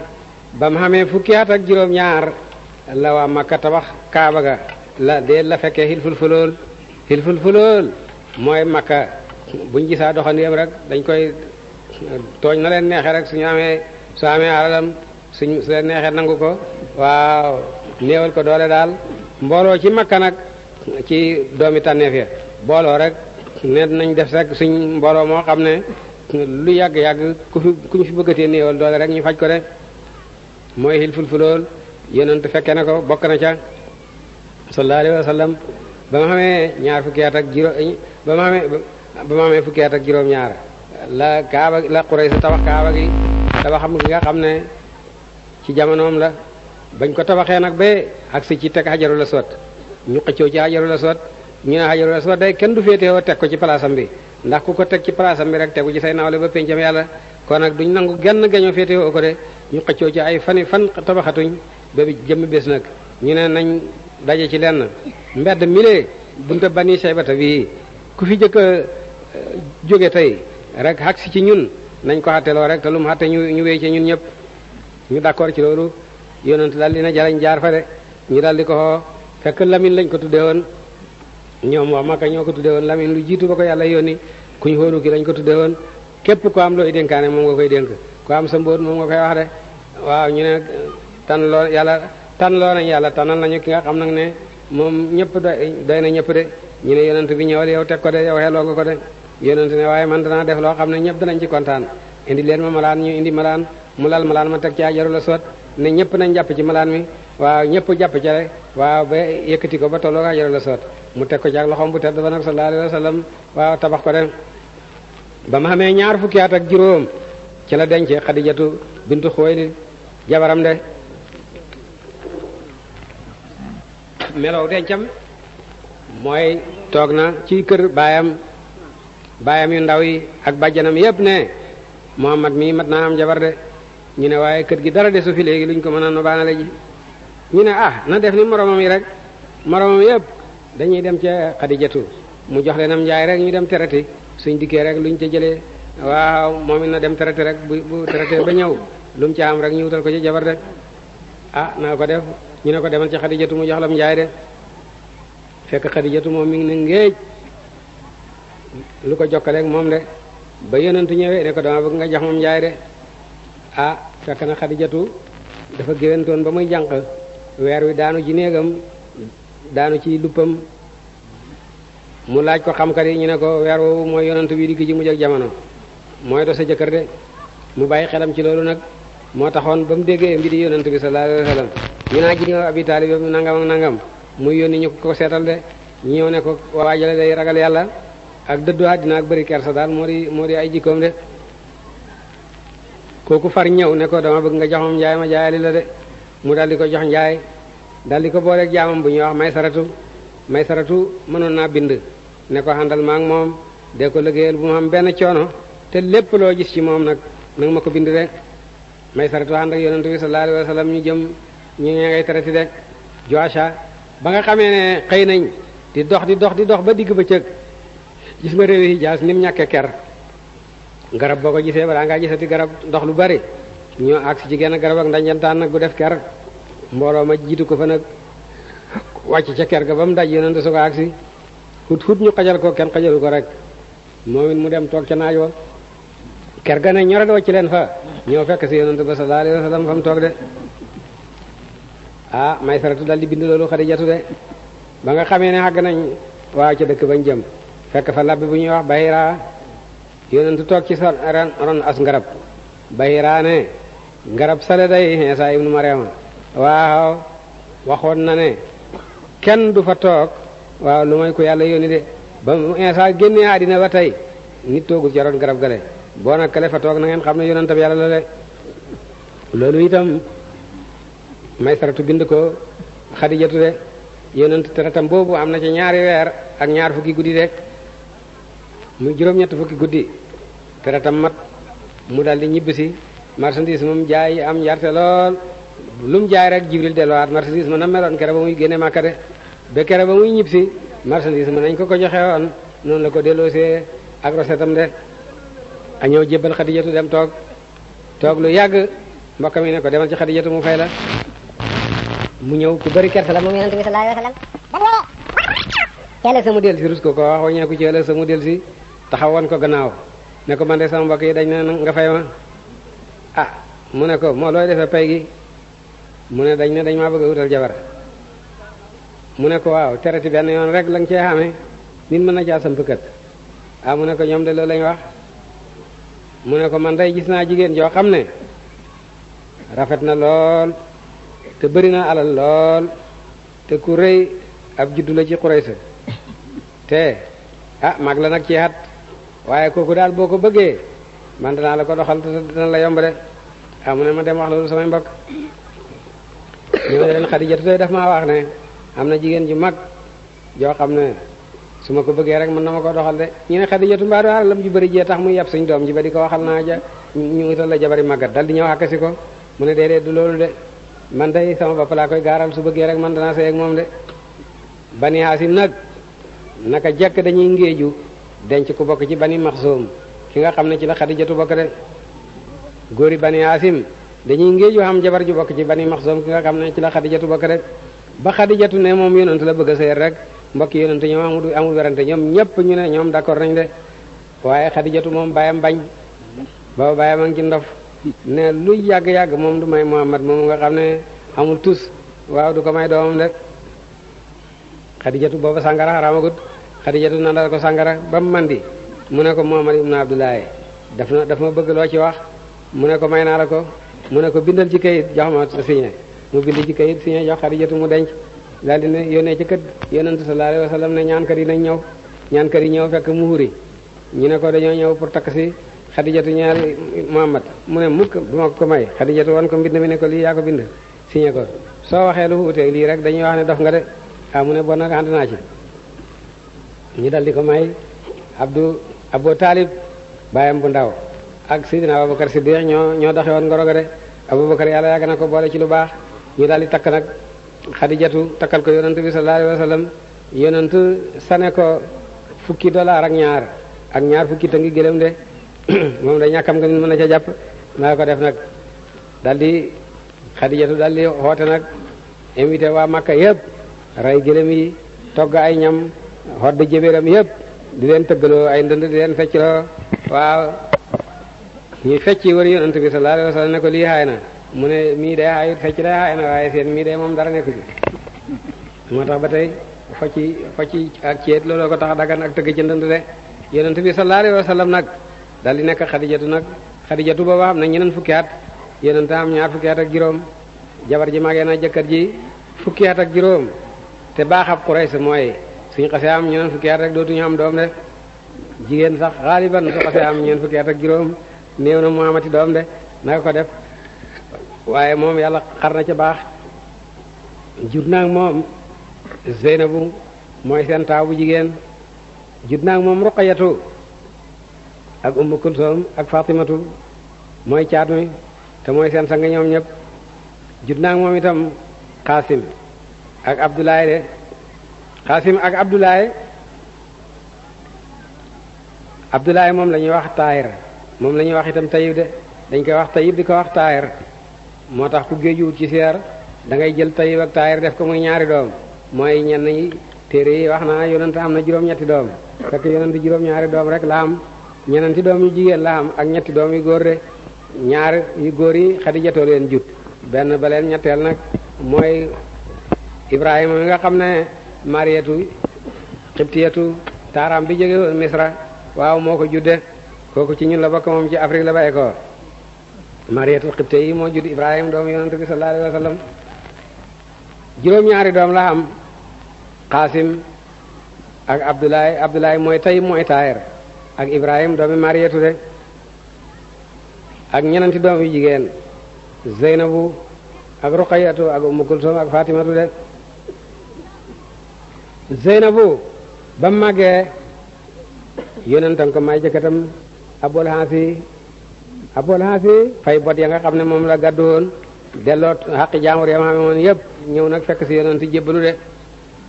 ba mu xamee fukki at ak juróom-ñaar la waa Makka tabax Kaaba ga la dee la fekkee xilful fulool xilful fulool mooy makka buñ gisaa doxandéem rek dañ koy tooñ na leen neexee rek suñu amee su amee alalam suñ su leen neexee nangu ko waaw néewal ko doole daal mbooloo ci makka nag ci doomi tànneef ya booloo rek ne nañ def rek suñ mbooloo moo xam ne lu yàgg-yàgg ku fi ku ñu fi bëggatee néewal doole rek ñu faj ko de mooy xil yeneen yonent fekke na ko bokk na ca sallallahu alayhi wa sallam ba xamee ñaar fukki at ak juróom ba ma ba ma amee fukki at ak juróom-ñaar la kaaba la Quraysh tabax kaaba gi tabaxam gi nga xam ne ci jamonoom la bañ ko tabaxee nag ba ak si ci teg Hajarul sot ñu xëccoo ci Hajarul Aswad ñu ne Hajarul Aswad day kenn du féetewoo teg ko ci palaasam bi ndax ku ko teg ci palaasam bi rek tegu ci say nawle ba pencam yàlla kon nag duñ nangu genn geñoo gañoo féetewoo ko de ñu xëccoo ci ay fani fan tabaxatuñ ba bi jëmm bés nag ñu ne nañ daje ci lenn mbedd milee bunta bani ku fi jëkk a eh, jóge tey rek xag si ci ñun nañ ko xatteloo rek te lu mu xatte ñu ñu ñun ñëpp ñu d'accord ci loolu yonent daal dina jarañ jaar fa de ñu daal di ko xoo fekk Lamine lañ ko tuddee woon ñoom waa Makka ñoo ko tuddee woon Lamine lu jiitu ko yàlla yónni ku ñu xóolu ki lañ ko tuddee woon képp ko am looy dénkaane moom nga koy dénk ko am sa mbóot moom nga koy de waaw ñu na tan loo yàlla tan loo nañ yàlla tanal nañu ki nga am nag ne moom ñëpp doy doy na ñëpp de ñu ne yonent bi ñëwal yow teg ko de yow xeloo nga ko de yonent ne waaye man danaa def loo xam ne ñëpp danañ ci kontaan indi leen ma malaan ñu indi malaan mu lal malaan ma teg ci ajaru la soot ne ñëpp nañ jàpp ci malaan mi waaw ñëpp jàpp ci rek waaw ba yëkkati ko ba tolloo ak ajaru la soot mu teg ko ci ak loxoom bu tedd ba nag sallallahu alayhi tabax ko de ba ma xamee ñaar fukki at juróom ci la dencee xadijatu bintu xuwaylid jabaram de melow dencam mooy toog na ci kër baayam baayam yu ndaw yi ak bàjjanam yépp ne Muhammad mii mat naa am jabar de ñu ne waaye kër gi dara desu fi léegi luñ ko mën a nobaanale ji ñu ne ah na def ni moromam yi rek moromam yépp dañuy dem ca Xadijatu mu jox leen am njaay rek ñu dem terati suñ dikkee rek luñ ca jëlee waa moom it na dem traité rek bu bu ba ñëw lu mu am rek ñu wutal ko ci jabar de ah naa ko def ñu ne ko demal ci xadijatu mu jox lam njaay de fekk xadijatu moom mi ngi ne ngéej lu ko jokkaleeg moom de ba yonentu ñëwee ne ko dama bëgg nga jox moom njaay de ah fekk na xadijatu dafa géwantoon ba muy jànq weer wi daanu ci néegam daanu ci luppam mu laaj ko xamkat yi ñu ne ko weer woowu mooy yonent bi digg ci mujj ak jamono mooy do sa jëkkër de mu bàyyi xelam ci loolu nag moo taxoon ba mu déggee mbiri yonent bi sallallahu alayhi wa sallam ñu naa ji ni abi taalib nangam nangam muy yónni ñu ko seetal de ñëw ne ko waajale day ragal yàlla ak dëddu àddina ak bëri kersa daal moo di ay jikkoom de kooku far ñëw ne ko dama bëgg nga joxam njaay ma jaayali la de mu daal di ko jox njaay daal di ko booleeg jaamam bu ñuy wax may saratu may saratu mënoon naa bind ne ko xandal maa ngi moom de ko liggéeyal bu mu am benn coono te lépp loo gis ci moom nag nanga ma ko bind rek may saratu ànd ak yonent bi sallallahu alayhi wa ñu jëm ñu ngay terati ba nga xamee ne xëy nañ di dox di dox di dox ba digg bëccëg gis ma réewi Hijaas ni mu ñàkkee ker garab boo ko gisee balaa ngaa gisati garab ndox lu bari ñoo agsi ci genn garab ak ndajantaan nag bu def ker mbooloo ma jiitu ko fa nag wàcc ca ga ba mu daj yonente su ko agsi xut xut ñu xajal ko kenn xajalu ko rek moom mu dem toog ca naaj wa ker ga ne ñoret ci leen fa ñoo fekk si yonente ba sallallahu fa mu toog de ah may saratu dal di bind loolu xadijatu de ba nga xamee ne xàgg nañ waa ca dëkk bañ jëm fekk fa labbi bu ñuy wax bayra yonentu toog ci sa ron as ngarab bayra ne ngarab sale day Iisaa ma Maryama waa waxoon na ne kenn du fa toog waaw lu may ko yàlla yónni de ba mu Iisaa génnee àddina ba tey nit toogul ca ron garab gale boo nag kale fa toog na ngeen xam ne yonentab yàlla la de loolu itam may saratu bind ko xadijatu de yonent teratam boobu am na ci ñaari weer ak ñaar fukki guddi de mu juróom-ñett fukki guddi tam mat mu daal di ñibbisi marchandise moom jaay am yarte lool lu mu jaay rek jibril delluwaat marchandise ma na meloon kere ba muy génne màkka de ba kere ba muy ñibbisi marchandise ma nañ ko ko joxe woon noonu la ko delloose ak rosetam de a ñëw jébbal xadijatu dem toog toog lu yàgg mbokk mi ne ko demal ci xadijatu mu fay la mu ñëw ku bëri kersa la moom yonente bi sallallahu alayhi wa sallam ba ëllëg sa mu del si rus ko ko wax wañeeku ci ëllëg sa mu del si taxawoon ko gannaaw ne ko man de sama mbokk yi dañ ne nga fay ma ah mu ne ko moo looy defee pay gi mu ne dañ ne dañ maa bëgg a wutal jabar mu ne ko waaw terati benn rek la nga cee xamee mën na caa samp ah, mu ne ko ñoom de loolu lañ wax mu ne ko man day gis naa jigéen joo xam ne rafet na lool te bëri na alal lool te ku rëy ab juddu la ci Quraysh te ah mag la nag ci at waaye kooku daal boo ko bëggee man naa la ko doxal te dana la yomb de ah mu ne ma dem wax loolu samay mbokk ñu ne leen Xadijatu maa wax ne na jigéen ju mag joo xam ne su ma ko bëggee rek mën na ko doxal de ñu ne Xadijatu mbaa ju bëri jee tax muy suñ doom ji di ko waxal naa ja ñu ngi la dal di ñëw du loolu de man de sama bopp laa koy gaaral su bëggee rek man danaa sey ak moom de bani nag nag a jekk dañuy ngéeju denc ku bokk ci bani maxsoom ki nga xam ne ci la xadijatu bokk de góori bani haasim dañuy ngéeju xam jabar ju bokk ci bani maxsoom ki nga xam ne ci la xadijatu bokk de ba xadijatu ne moom yonent la bëgg a sey rek mbokk yonent ñoom amul amul werante ñoom ñëpp ñu ne ñoom d'accord nañ de waaye xadijatu moom bàyyam bañ booba bàyyam a ci ndof ne luy yàgg-yàgg moom du may Muhammad moom nga xam ne amul tus waaw du ko may doomam rek xadijatu booba sàngara xaraamagut xadijatu nandal ko sàngara ba mu mandi mu ne ko Muhammad ibn Abdullahi daf na daf ma bëgg loo ci wax mu ne ko may naa la ko mu ne ko bindal ci kayit jox ma signé mu bind ci kayit signé jox xadijatu mu denc daal di ne yónnee ci kët yonent sallallahu alayhi wa sallam ne ñaankat yi nañ ñëw ñaankat yi ñëw fekk muhuri ñu ne ko dañoo ñëw pour takk si xadijatu ñaari muhammad mu ne mukk du ma ko may xadijatu wan ko mbind ne ko lii yaa ko bind signé ko soo waxee lu wuute lii rek dañuy wax ne dof nga de ah, ne bon nag ànd naa dal di ko may abdu abu taalib bàyyam bu ndaw ak sidina abubakar ñoo ñoo doxe woon yàlla yàgg na ko boole ci lu baax ñu daal di takk nag xadijatu takkal ko yonent bi sallallahu alayhi wa sallam yonent sane ko fukki dollar ak ñaar ak ñaar fukki tëngi gëlëm de moom da ñàkkam nga mën na ca jàpp naa ko def nag daldi xadijatu daldi xoote nag invité waa Makka yëpp rey gëlëm yi togg ay ñam xodd jëbéeram yëpp di leen tëggaloo ay ndënd di leen feccloo waaw ñuy fecc wër yonent bi sallallahu alayhi wasallam ne ko lii xaay na mu ne mii day xaayut fecc day xaay na waaye seen mii day moom dara nekku ci moo tax ba tey focci focci ak ceet looloo ko tax dagan ak tëgg ci ndënd de yonent bi sallallahu alayhi wasallam nag dal di nekk xadijatu nag xadijatu booba am na ñeneen fukki at yeneen taam ñaar fukki at ak juróom jabar ji magee na jëkkër ji fukki at ak juróom te baax ab sa mooy suñ xasee am ñeneen fukki at rek dootuñu am doom de jigéen sax xaaliban su xasee am ñeen fukki at ak juróom néew na mu amati doom de naka ko def waaye moom yàlla xar na ca baax jur naag moom Zeynabu mooy seen taaw bu jigéen jur naag moom Ruqayatu ak ummu kulsoom ak fatimatu mooy caat mi te mooy seen sang ñoom ñëpp jud naa moom itam xaasim ak abdoulaye de xaasim ak abdoulaye abdoulaye moom la ñuy wax taayir moom la ñuy wax itam tayib de dañ koy wax tayib di ko wax taayir moo tax ku géejuwut ci seer da ngay jël tayib ak taayir def ko muy ñaari doom mooy ñenn yi téere yi wax naa yonent am na juróom-ñetti doom fekk yonent juróom-ñaari doom rek la ñenenti doom yu jigéen la am ak ñetti doom yu góor de ñaar yu góor yi xadijatoo leen jut benn ba leen ñetteel nag mooy ibrahima mi nga xam ne marietu xibtiyatu taaram bi jóge woon misra waaw moo ko judde kooku ci ñun la bokk moom ci afrique la bàyyi ko marietu xibte yi moo judd ibrahima doom yonente bi sallallahu alayhi juróom-ñaari doom la am xaasim ak abdoulaye mooy tey mooy taayir ak ibrahim doomi mariyatu de ak ñenanti doom yu jigéen zeynabu ak ruqayatu ak ummu kulsum ak fatimatu de zeynabu ba màggee yonentan ko may jëkkatam abol hansi abol hansi fay bot ya nga xam ne moom la gàddu woon delloo xaqi jaamur yam xame woon yëpp ñëw nag fekk si yonent jébbalu de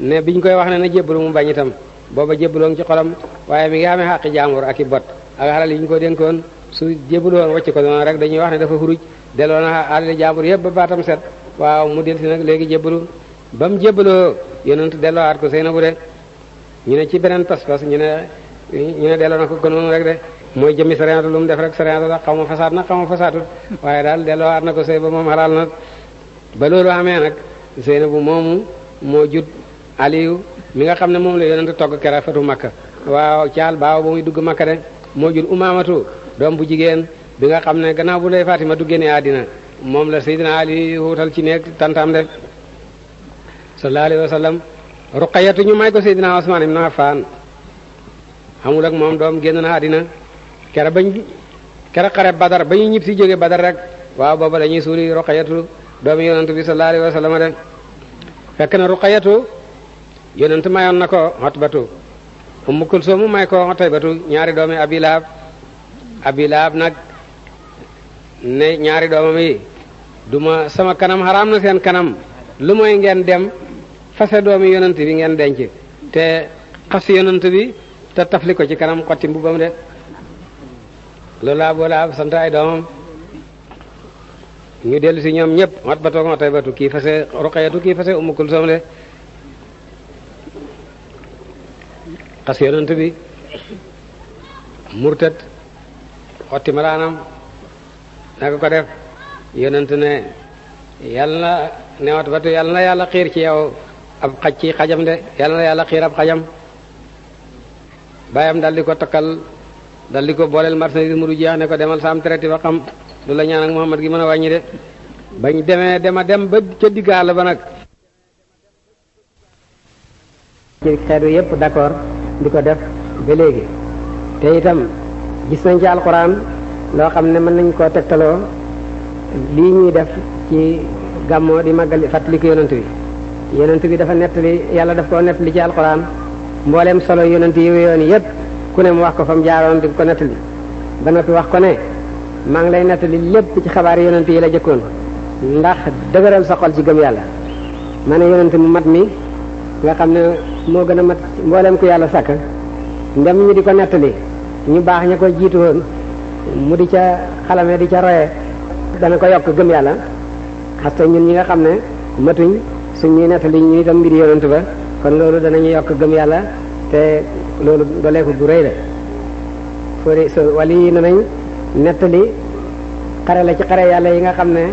ne biñ koy wax ne na jébbalu mu bañ itam booba jébbaloon ci xolam waaye mi ngi amee xàqi jaamur ak i bot ak alal yi ñu ko dénkoon su jébbaloon wacc ko noonu rek dañuy wax ne dafa xuruj delloo na alal jaamur yëpp ba baatam set waaw mu del si nag léegi jébbalu ba mu jébbaloo yonent delloowaat ko Seynabu de ñu ne ci beneen pas-pas ñu ne ñu ne delloo na ko gënoon rek de mooy jëmmi sariyaatu lu mu def rek sariyaatu la xaw ma fasaat na xaw ma fasaatut waaye daal delloowaat na ko sëy ba moom xalaal na ba loolu amee nag Seynabu moomu moo jut Aliyu mi nga xam ne moom la yonent togg kera fatu makka waaw caal baaw ba muy dugg makka de moo jur umaamatu doom bu jigéen bi nga xam ne gannaaw bu lay ndey ma du ne àddina moom la Seydina Ali wuutal ci nekk tantam de sallallahu alayhi wa sallam ñu may ko Seydina Usman ibn Affan xamul ak moom doom génn na àddina kere bañ kere ba ñu ñib si jóge badar rek waaw booba dañuy suuli ruqayatu doomu yonent bi sallallahu alayhi wa sallam de fekk na ruqayatu yonent mayoon na ko Utbatu Ummu Kulsum may ko Utaybatu ñaari doomi Abi Lahab Abi Lahab nag ne ñaari doomam yi duma sama kanam xaraam na seen kanam lu mooy ngeen dem fase doomi yonent bi ngeen denc te xas yonent bi te tafli ko ci kanam xotti mbubbam de loolu laa boo laa doomam ñu dellu si ñoom ñëpp wat ba toog batu kii fase Ruqayatu kii fase Ummu Kulsum de xas yonent bi murtat xotti malaanam naka ko def yonent ne yàlla na newat batu yàlla na yàlla xiir ci yow ab xaj ci xajam de yàlla na yàlla xiir ab xajam baayam dal di ko takkal dal ko booleel marchandise mu du jeex ne ko demal saam traité ba xam lu la ñaan ak Muhammad gi mën a wàññi de bañ demee dema dem ba ca diggaale ba nag ci xeetu yépp d'accord di ko def ba léegi te itam gis nañ ci alxuraan loo xam ne mën nañ koo tegtaloo lii ñuy def ci gàmmoo di màggal fàttaliku yonent bi yonent bi dafa nettali yàlla def koo nettali ci alxuraan mbooleem solo yonent yi yoon yëpp ku ne mu wax ko fa mu jaaroon di ko nettali ba noppi wax ko ne maa ngi lay nettali lépp ci xabaar yonent yi la jëkkoon ndax dëgëral sa xol ci gëm yàlla ma ne yonent mu mat mi nga xam ne moo gën a mat mboolem ku yàlla sakk ndem ñu di ko nettali ñu baax ña ko jiitu woon mu di ca xalame di ca roye dana ko yokk gëm yàlla xasta ñun ñi nga xam ne matuñ suñ ñuy nettali ñu itam mbir yonent ba kon loolu dana danañu yokk gëm yàlla te loolu doleeku bu rëy la fori so wala yi ne nañ nettali xare la ci xare yàlla yi nga xam ne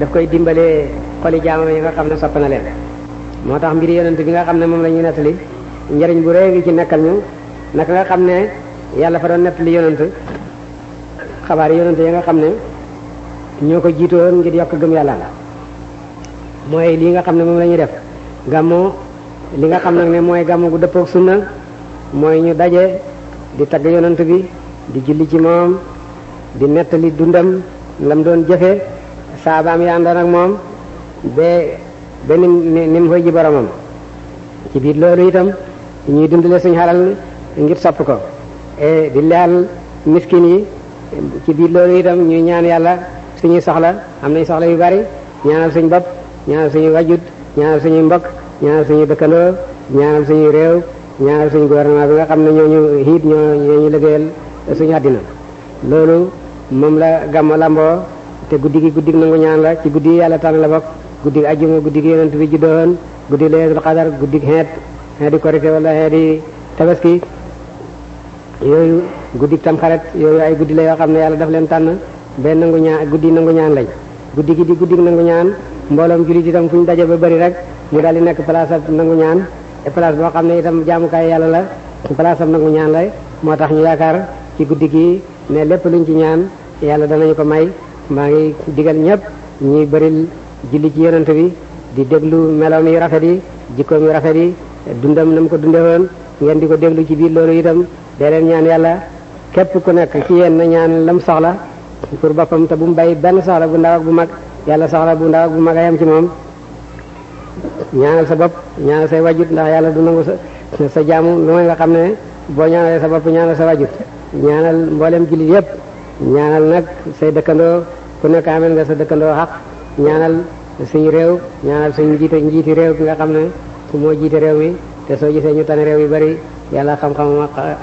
daf koy dimbalee xoli jaamam yi nga xam ne sopp na leen moo tax mbiri yonent bi nga xam ne moom la ñuy nettali njëriñ bu réy gi ci nekkal ñu naka nga xam ne yàlla fa doon nettali yonent xabaar yonent ya nga xam ne ñoo ko jiitoon ngir yokk gëm yàlla la mooy lii nga xam ne moom lañuy def gàmmu li nga xam nag ne mooy gàmmu gu dëppook sunna mooy ñu daje di tagg yonent bi di julli ci moom di nettali dundam lam doon jëfe saabaam yaa àndoon ak moom be ba ni ni mu fay ji boromam ci biir loolu itam ñuy dundale suñu xalal ngir sopp ko e di leel miskin yi ci biir loolu itam ñuy ñaan yàlla suñuy soxla am nañ soxla yu bari ñaanal suñu bopp ñaanal suñu wajut ñaanal suñu mbokk ñaanal suñu dëkkandoo ñaanal suñuy réew ñaanal suñu gouvernement bi nga xam ne ñooñu xiit ñoo ñu liggéeyal suñu àddina loolu moom la gàmmu lamboo te guddi gi guddi nangu ñaan la ci guddi yàlla tànn la bokk guddi ajjuma guddi yonent bi juddoon guddi laylatul qadar guddi xeet xeeti korite wala xeeti tabaski yooyu guddi tamxarit yooyu ay guddi la yoo xam ne yàlla daf leen tànn benn nangu ñaan guddi nangu ñaan lañ guddi gi di guddi nangu ñaan mbooloom jullit itam fu ñu daje ba bari rek mu daal di nekk place nangu ñaan te place boo xam ne itam jaamukaay yàlla la place ab nangu ñaan la moo tax ñu yaakaar ci guddi gi ne lépp luñ ci ñaan yàlla danañu ko may maa ngi digal ñëpp ñuy bëril julli ci yonent bi di deglu meloom yu rafet yi jikkoom yu rafet yi dundam na mu ko dunde woon ngeen di ko deglu ci biir loolu itam dee leen ñaan yàlla képp ku nekk ci yéen na ñaan lam soxla pour boppam te bu mu bàyyi benn soxla bu ndaw bu mag yàlla soxla bu ndaw bu mag a yem ci moom ñaanal sa bopp ñaanal say wajut ndax yàlla du nangu sa sa jaamu lu may xam ne boo ñaanalee sa bopp ñaanal sa wajut ñaanal mboolem jullit yépp ñaanal nag say dëkkandoo ku nekk amel nga sa dëkkandoo xaq ñaanal suñu réew ñaanal suñu jiite njiiti réew bi nga xam ne su moo jiite réew mi te soo gisee ñu tane réew yu bari yàlla xam-xam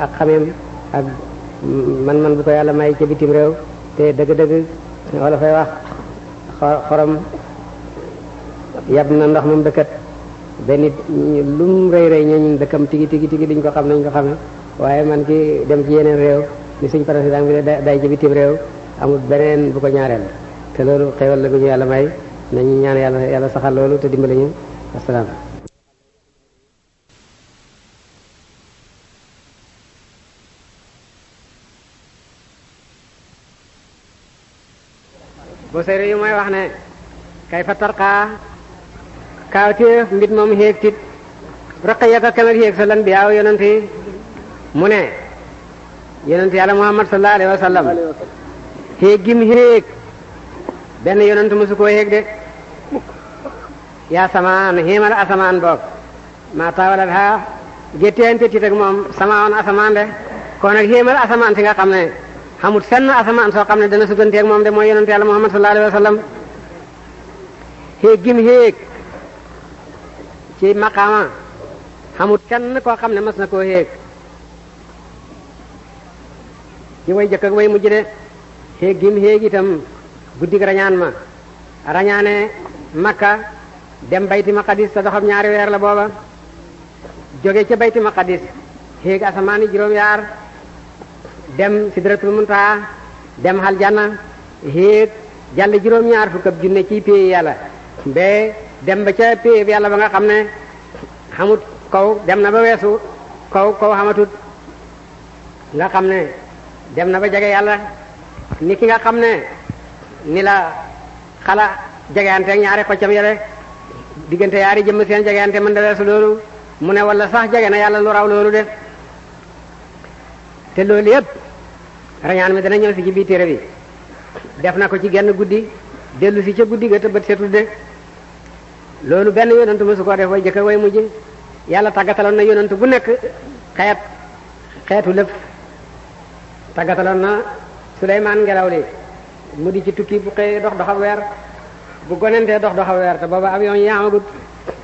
ak xameem ak man-man bu ko yàlla may ca bitim réew te dëgg-dëgg wala fay wax xorom yab na ndox moom dëkkat benn lum rëy ñu ñooñu dëkkam tigi tigi tigi diñ ko xam nañ ko xam ne waaye man ki dem ci yeneen réew ni suñ président bi day ci bitim réew amul beneen bu ko ñaareel te loolu xewal la gu ñu yàlla may nañu ñaan yàlla yàlla saxal loolu te dimbali ñu wasalaam Busayri yu mooy wax ne kay fa tarqaa kaawteef mbit moom xéeg tit raqiyata kamat xéeg sa lan bi yaaw yonent mu ne yonent yàlla Muhammad sallallahu alayhi wa gim xéeg benn yonent mësu koo yéeg de yaa samaan xéemal asamaan boog maa taawalat ha gétteente tiit ak moom samawoon asamaan de kon nag xéemal asamaan si nga xam ne xamut fenn asamaan soo xam ne dana sugante ak moom de mooy yonent yàlla muhammad sallallahu alayhi wa sallam gim xéeg ci maqaama xamut kenn koo xam ne mas na koo xéeg ci way jëkk way mujj de xéeg gim xéeg itam guddig rañaan ma rañaane makka dem bayti maqadis te doxam ñaari weer la booba jóge ca bayti maqadis xéeg asamaani juróom-yaar dem sidratul muntaha dem aljanna xéeg jàll juróom-ñaar fukk ab junne ci pay yàlla ba dem ba ca pay yàlla ba nga xam ne xamut kaw dem na ba weesu kaw kaw xamatut nga xam ne dem na ba jege yàlla ni ki nga xam ne nila xalaa xala jegeyante ak ñaari xoccam yele diggante yaari jëmm seen jegeyante mën da weesu loolu mu ne walla sax jege na yàlla lu raw loolu de te loolu yëpp rañaan mi dana ñëw si ci biir téere bi def na ko ci genn guddi dellu si ca guddi ga te bët setul loolu benn yonent mësu koo def way jëkk way mujj yàlla tàggataloon na yonent bu nekk xeet xeetu lépp tàggataloon na Suleymaan ngelaw li mu di ci tukki bu xëyee dox doxa weer bu gonentee dox doxa weer te booba avion yi amagut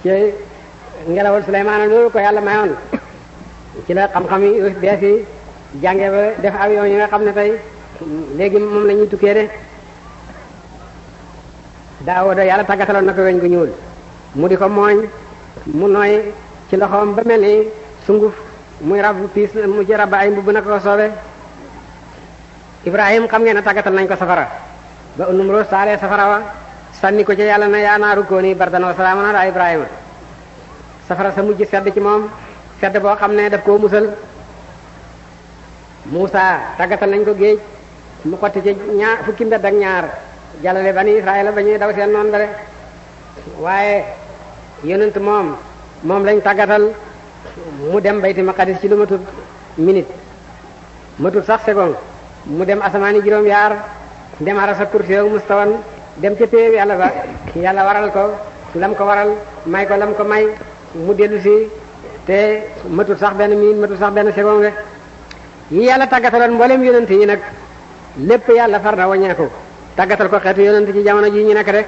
ci ngelawal Suleymaana loolu ko yàlla mayoon ci la xam-xam yi bees jànge ba def avion yi nga xam ne tey léegi moom la ñuy tukkee de daawooda yàlla tàggataloon na ko weñ gu ñuul mu di ko mooñ mu nooy ci loxoom ba mel ni sunguf muy rab piis mu ci rab ay mbubb na ko soobee ibrahim xam ngeen ne tàggatal nañ ko safara ba Numrud saalee safara wa sànni ko ci yàlla na yaa naaru kooni bardan wa salaaman ala ibrahima safara sa mujj sedd ci moom sedd boo xam ne daf koo musal Muusa tàggatal nañ ko géej mu xotti ci ñaar fukki mbedd ak ñaar jàllale bani Israayila ba ñuy daw seen noon bare waaye yonent moom moom lañ tàggatal mu dem bayti maqadis ci lu matut minute matut sax seconde mu dem asamaani juróom-yaar dem arasa kursiyo mustawan dem ca péew yàlla ba yàlla waral ko lam ko waral may ko lam ko may mu dellusi si te matul sax benn miin matul sax benn seconde yi yàlla tàggataloon mbooleem yonent yi nag lépp yàlla far na waññeeku tàggatal ko xeetu yonent ci jamono ji ñu nekk rek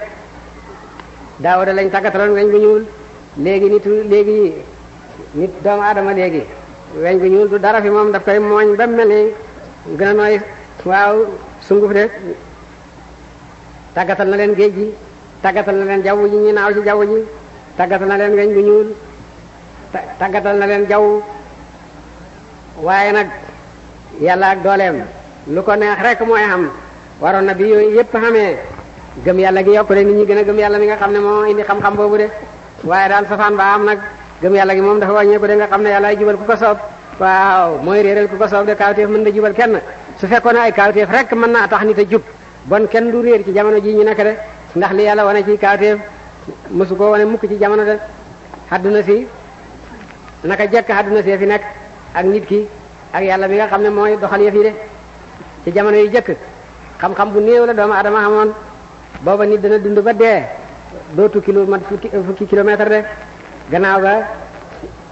daawuda lañ tàggataloon weñ gu ñuul léegi nitu léegi nit doomu aadama léegi weñ gu ñuul du dara fi moom daf koy mooñ ba mel ni gën a nooy waaw sunguf de tàggatal na leen géej gi tàggatal na leen jaww ñu ñu naaw ci jaww ji tàggatal na leen weñ bu ñuul tàggatal na leen jaww waaye nag yàlla ak dooleem lu ko neex rek mooy xam waroon na bi yooyu yépp xamee gëm yàlla gi yokku de nit ñi gën a gëm yàlla mi nga xam ne moo indi xam-xam boobu de waaye daal safaan ba am nag gëm yàlla gi moom dafa wàññeeku de nga xam ne yàlla ay jubal ku ko soob waaw mooy réeral ku ko soob de kawteef mën da jubal kenn su fekkoon ay kawteef rek mën naa tax nit a jub bon kenn du réer ci jamono ji ñu nekk de ndax li yàlla wane ci kawteef mosu koo wane mukk ci jamono de àdduna si naka jekk àdduna see fi nekk ak nit ki ak yàlla mi nga xam ne mooy doxal yëf yi de ci jamono yi jëkk xam-xam bu néew la doomu adama amoon booba nit dana dund ba dee dootu kilo mat fukki kilomètre de gannaaw ga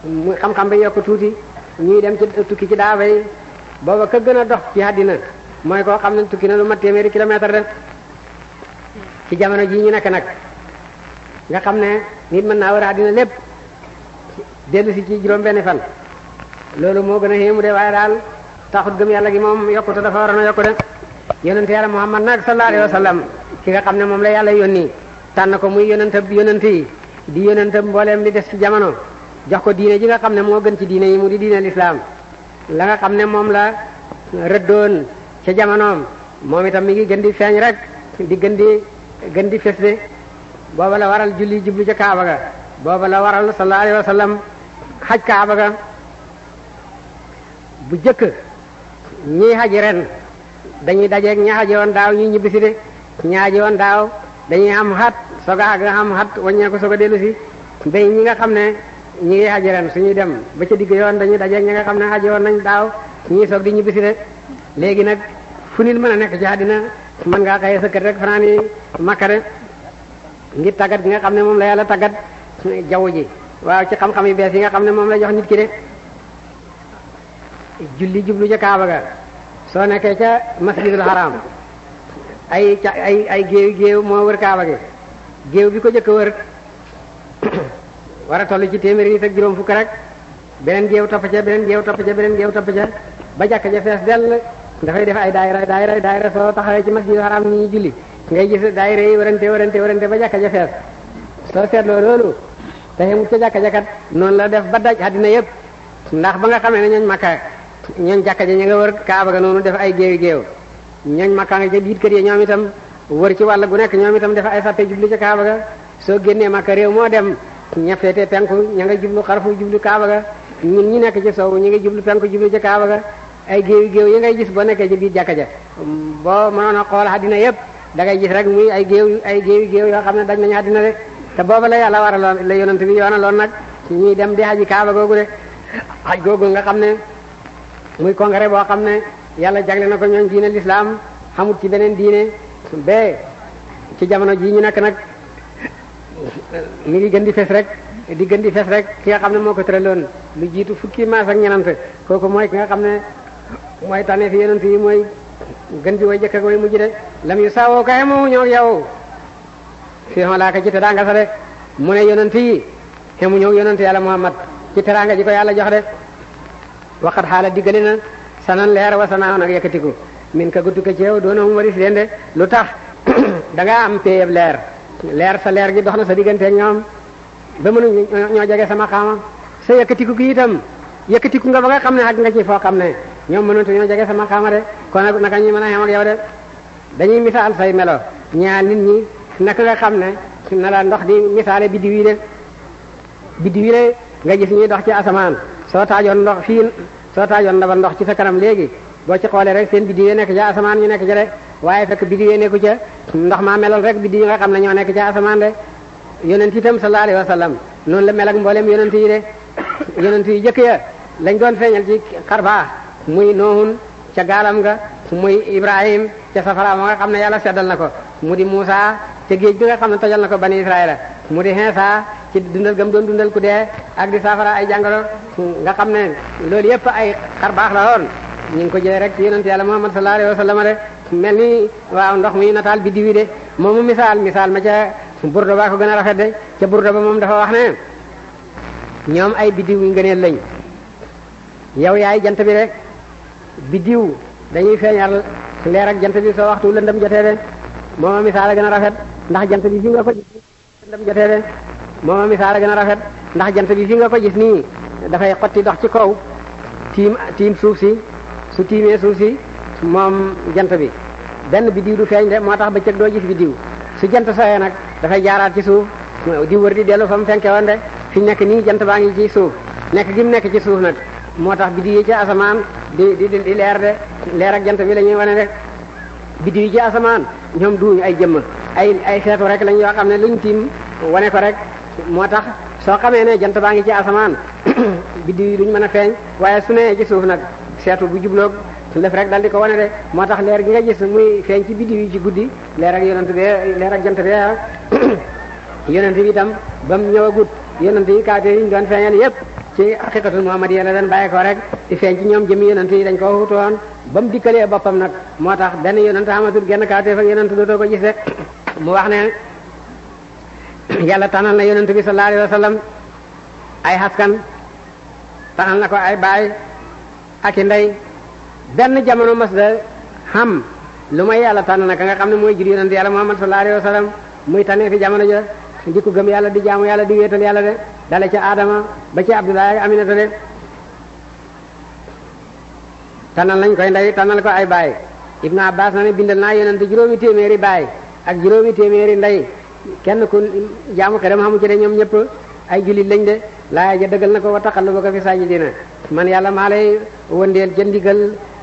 muy xam-xam bi yokk tuuti ñuy dem ci tukki ci daaba yi booba ka gën a dox ci àddina mooy koo xam ne tukki na lu mat téeméeri kilomètre def ci jamono ji ñu nekk nag nga xam ne nit mën naa war a àddina lépp dellu si ci juróom benn fan loolu moo gën a xéemu de waaye daal taxut gëm yàlla gi moom yokkute dafa waroon a yokku de yonente yàlla muhammad nag sallallahu alayhi wa sallam ki nga xam ne moom la yàlla yónni tànn ko muy yonente yonente yi di yonente mbooleem li des ci jamono jox ko diine ji nga xam ne moo gën ci diine yi mu di diine lislaam la nga ne moom la rëddoon ca jamonoom moom itam mi ngi gën di feeñ rek di gën di gën booba la waral julli jublu ca kaaba ga booba la waral sallallahu alayhi wa sallam xaj kaaba ga bu jëkk ñii xaj ren dañuy dajeeg ñi xaji woon daaw ñuy ñibbisi de ñi xaji woon daaw dañuy am xat soog a àgg am xat wàññeeku soog a dellu ñi nga xam ne ñi ngi aji ren suñuy dem ba ca digg yoon dañuy dajeeg ñi nga xam ne aji woon nañ daaw ñii soog di ñibbisi de léegi nag fu nit mën a nekk ci àddina mën ngaa xëye sa rek fanaan yi makka de ngir tàggat gi nga xam ne moom la yàlla tàggat jaww ji waaw ci xam-xam yu bees yi nga xam ne moom la jox nit ki de julli jublu ca kaaba ga soo nekkee ca masjidul haram ay ay ay géew géew moo wër kaaba gi géew bi ko jëkk wër war a toll ci téeméeri nit ak juróom fukk rek beneen géew topp ca beneen géew topp ca beneen géew topp ca ba jàkka ja fees dell dafay def ay daay daayira daayira daayira soo taxawee ci masjidul haram ni ñuy julli ngay gis daayira yi warante warante warante ba jàkka ja fees soo seetloo loolu te mu ca jàkka ja kat noonu la def ba daj àddina yëpp ndax ba nga xamee ne ñooñ makka ñooñ jàkka ja ñu nga wër kaaba ga noonu def ay géewi géew ñooñ makka nga ca biit kër ya ñoom itam wër ci wàll gu nekk ñoom itam def ay sàppe jubli ca kaaba soo génnee makka réew moo dem ña te penku ña nga jublu xarfu jublu kaaba ga ñun ñi nekk ci sow ñi nga jublu penku jublu ci kaaba ga ay géewi géew yi ngay gis boo nekkee ci biir jàkka ja boo mënoon a xool àddina yëpp da ngay rek muy ay géew ay géewi géew yoo xam ne dañ nañu àddina de te booba la yàlla war a loon la yonent bi yoona loon nag ci ñuy dem di haji kaaba googu de xaj googu nga xam ne muy congrès boo xam ne yàlla jagle na ko ñooñ diine l'islam xamut ci beneen diine ba ci jamono jii ñu nekk nag mi ngi gën di fes rek di gën di fes rek ki nga xam ne moo ko tëraloon lu jiitu fukki maas ak ñenant kooku mooy ki nga xam ne mooy tànnee fi yonent mooy gën di way jëkk ko way mujj de lam yu saawoo kay moo ñoo yaw fii laa ko ci teraanga sa de mu ne yonent yi xemu ñëw yonent yàlla Muhammad ci teraanga ji ko yàlla jox de waxat xaala diggali na sanan leer wa sanaawoon ak yëkkatiku min ka gudd ko ci yow doona mu waris leen de lu tax danga am péyeb leer leer sa leer gi dox na sa diggante ak ñoom ba mënuñ ñoo jege sama xaama sa yëkkatiku gi itam yëkkatiku nga ba nga xam ne ak nga ci foo xam ne ñoom mënuntu ñoo jege sama xaama de kon nag naka ñu mën a xem ak de dañuy misaal say melo ñaar nit ñi naka nga xam ne na la ndox di misaale biddiw yi de biddiw yi de nga gis ñuy dox ci asamaan soo taajoon ndox fii soo taajoon ndaba ndox ci sa kanam léegi boo ci xoolee rek seen biddiw yi nekk ci asamaan ñu nekk ci de waaye fekk biddiw yi nekku ca ndax maa meloon rek biddiw yi nga xam ne ñoo nekk ca asamaan de yonent itam sallallahu alayhi wa sallam noonu la mel ak mboolem yonent yi de yonent yi jëkk ya lañ doon feeñal ci xarbaa muy noohun ca gaalam ga muy ibrahim ca safara ma nga xam ne yàlla seddal na ko mu di muusa ca géej bi nga xam ne tojal na ko bani israila mu di xinsa ci dundal gam doon dundal ku dee ak di safara ay jàngoro nga xam ne loolu yëpp ay xarbaax la woon ñu ko jëlee rek ci yonent yàlla muhammad sallallahu alayhi wa sallam mel ni waaw ndox muy nataal biddiw yi de moomu misaal misaal ma ca burda ba rafet de ca burda ba moom dafa wax ne ay biddiw yu ngëneel lañ yow yaay jant bi rek biddiw dañuy feeñal leer jant bi waxtu lëndëm jotee de mooma misaal a gën a rafet ndax jant bi fi nga ko gis misaal a gën a rafet ndax jant bi fi nga ko gis nii dafay xotti dox ci kaw tiim tiim suuf si su tiimee suuf si moom jant bi benn biddiw du feeñ de moo tax ba bëccëg doo gis biddiw su jant soxee nag dafay jaaraat ci suuf di wër di dellu fa mu fenke woon de fi nekk nii jant baa ngi ci suuf nekk gi mu nekk ci suuf nag moo tax biddiw yi ci asamaan di di di leer de leer ak jant bi la ñuy rek biddiw yi ci asamaan ñoom duuñu ay jëmm ay ay xeetu rek lañ yoo xam ne luñ tiim wane ko rek moo tax soo xamee ne jant baa ngi ci asamaan duñ mën a feeñ waaye su nee ci suuf nag seetu bu jubloog su def rek dal di ko wane de moo tax leer gi nga gis muy feeñ ci biddiw yi ci guddi leer ak yonent bee leer ak jant bee ah. yonent bi itam ba mu ñëwagut yonent yi kaate yi ñu doon feeñal yépp ci xaqiqatul muhammad yéen a leen bàyyi ko rek di feeñ ci ñoom jëmi yonent dañ ko wutoon ba mu dikkalee boppam nag moo tax benn yonent amatul genn kaate fa yonent dootoo ko gis de mu wax ne yàlla tànnal na yonent bi sallallahu alayhi wa sallam ay xaskan tànnal ay baay ak i ndey benn jamono mas da xam lu may yàlla tànn ka nga xam ne mooy jur yonent yàlla Muhammad sallallahu alayhi wa muy tànnee fi jamono ja di gëm yàlla di jaamu yàlla di wéetal yàlla de dale ca Adama ba ci Abdoulaye ak Aminata de tànnal nañ koy ndey tànnal ko ay baay Ibnu Abbas na ne bindal naa yonent juróomi téeméeri baay ak juróomi téeméeri ndey kenn ku jaamu xerem xamu ci de ñoom ñëpp ay jullit lañ de laaya ja dëggal na ko wa taqallubaka fi saajidina man yàlla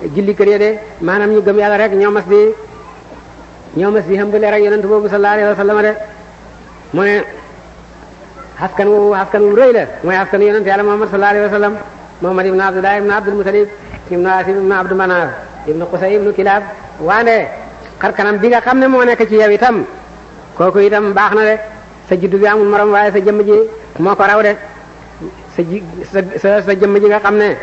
julli kër ya de maanaam ñu gëm yàlla rek ñoo mas di ñoo mas di xëmbale rek yonent boobu sallallahu alayhi wa sallam de mu ne askan woowu askan wu rëy la mooy askan yonent yàlla Muhammad sallallahu alayhi wa sallam Muhammad ibn Abdullah ibn Abdul Mutalib ibn Asim ibn Abdu Manaf ibn Qusay ibn Kilab waande xar kanam bi nga xam ne moo nekk ci yow itam kooku itam baax na de sa juddu bi amul morom waaye sa jëmm ji moo ko raw de sa ji sa sa jëmm ji nga xam ne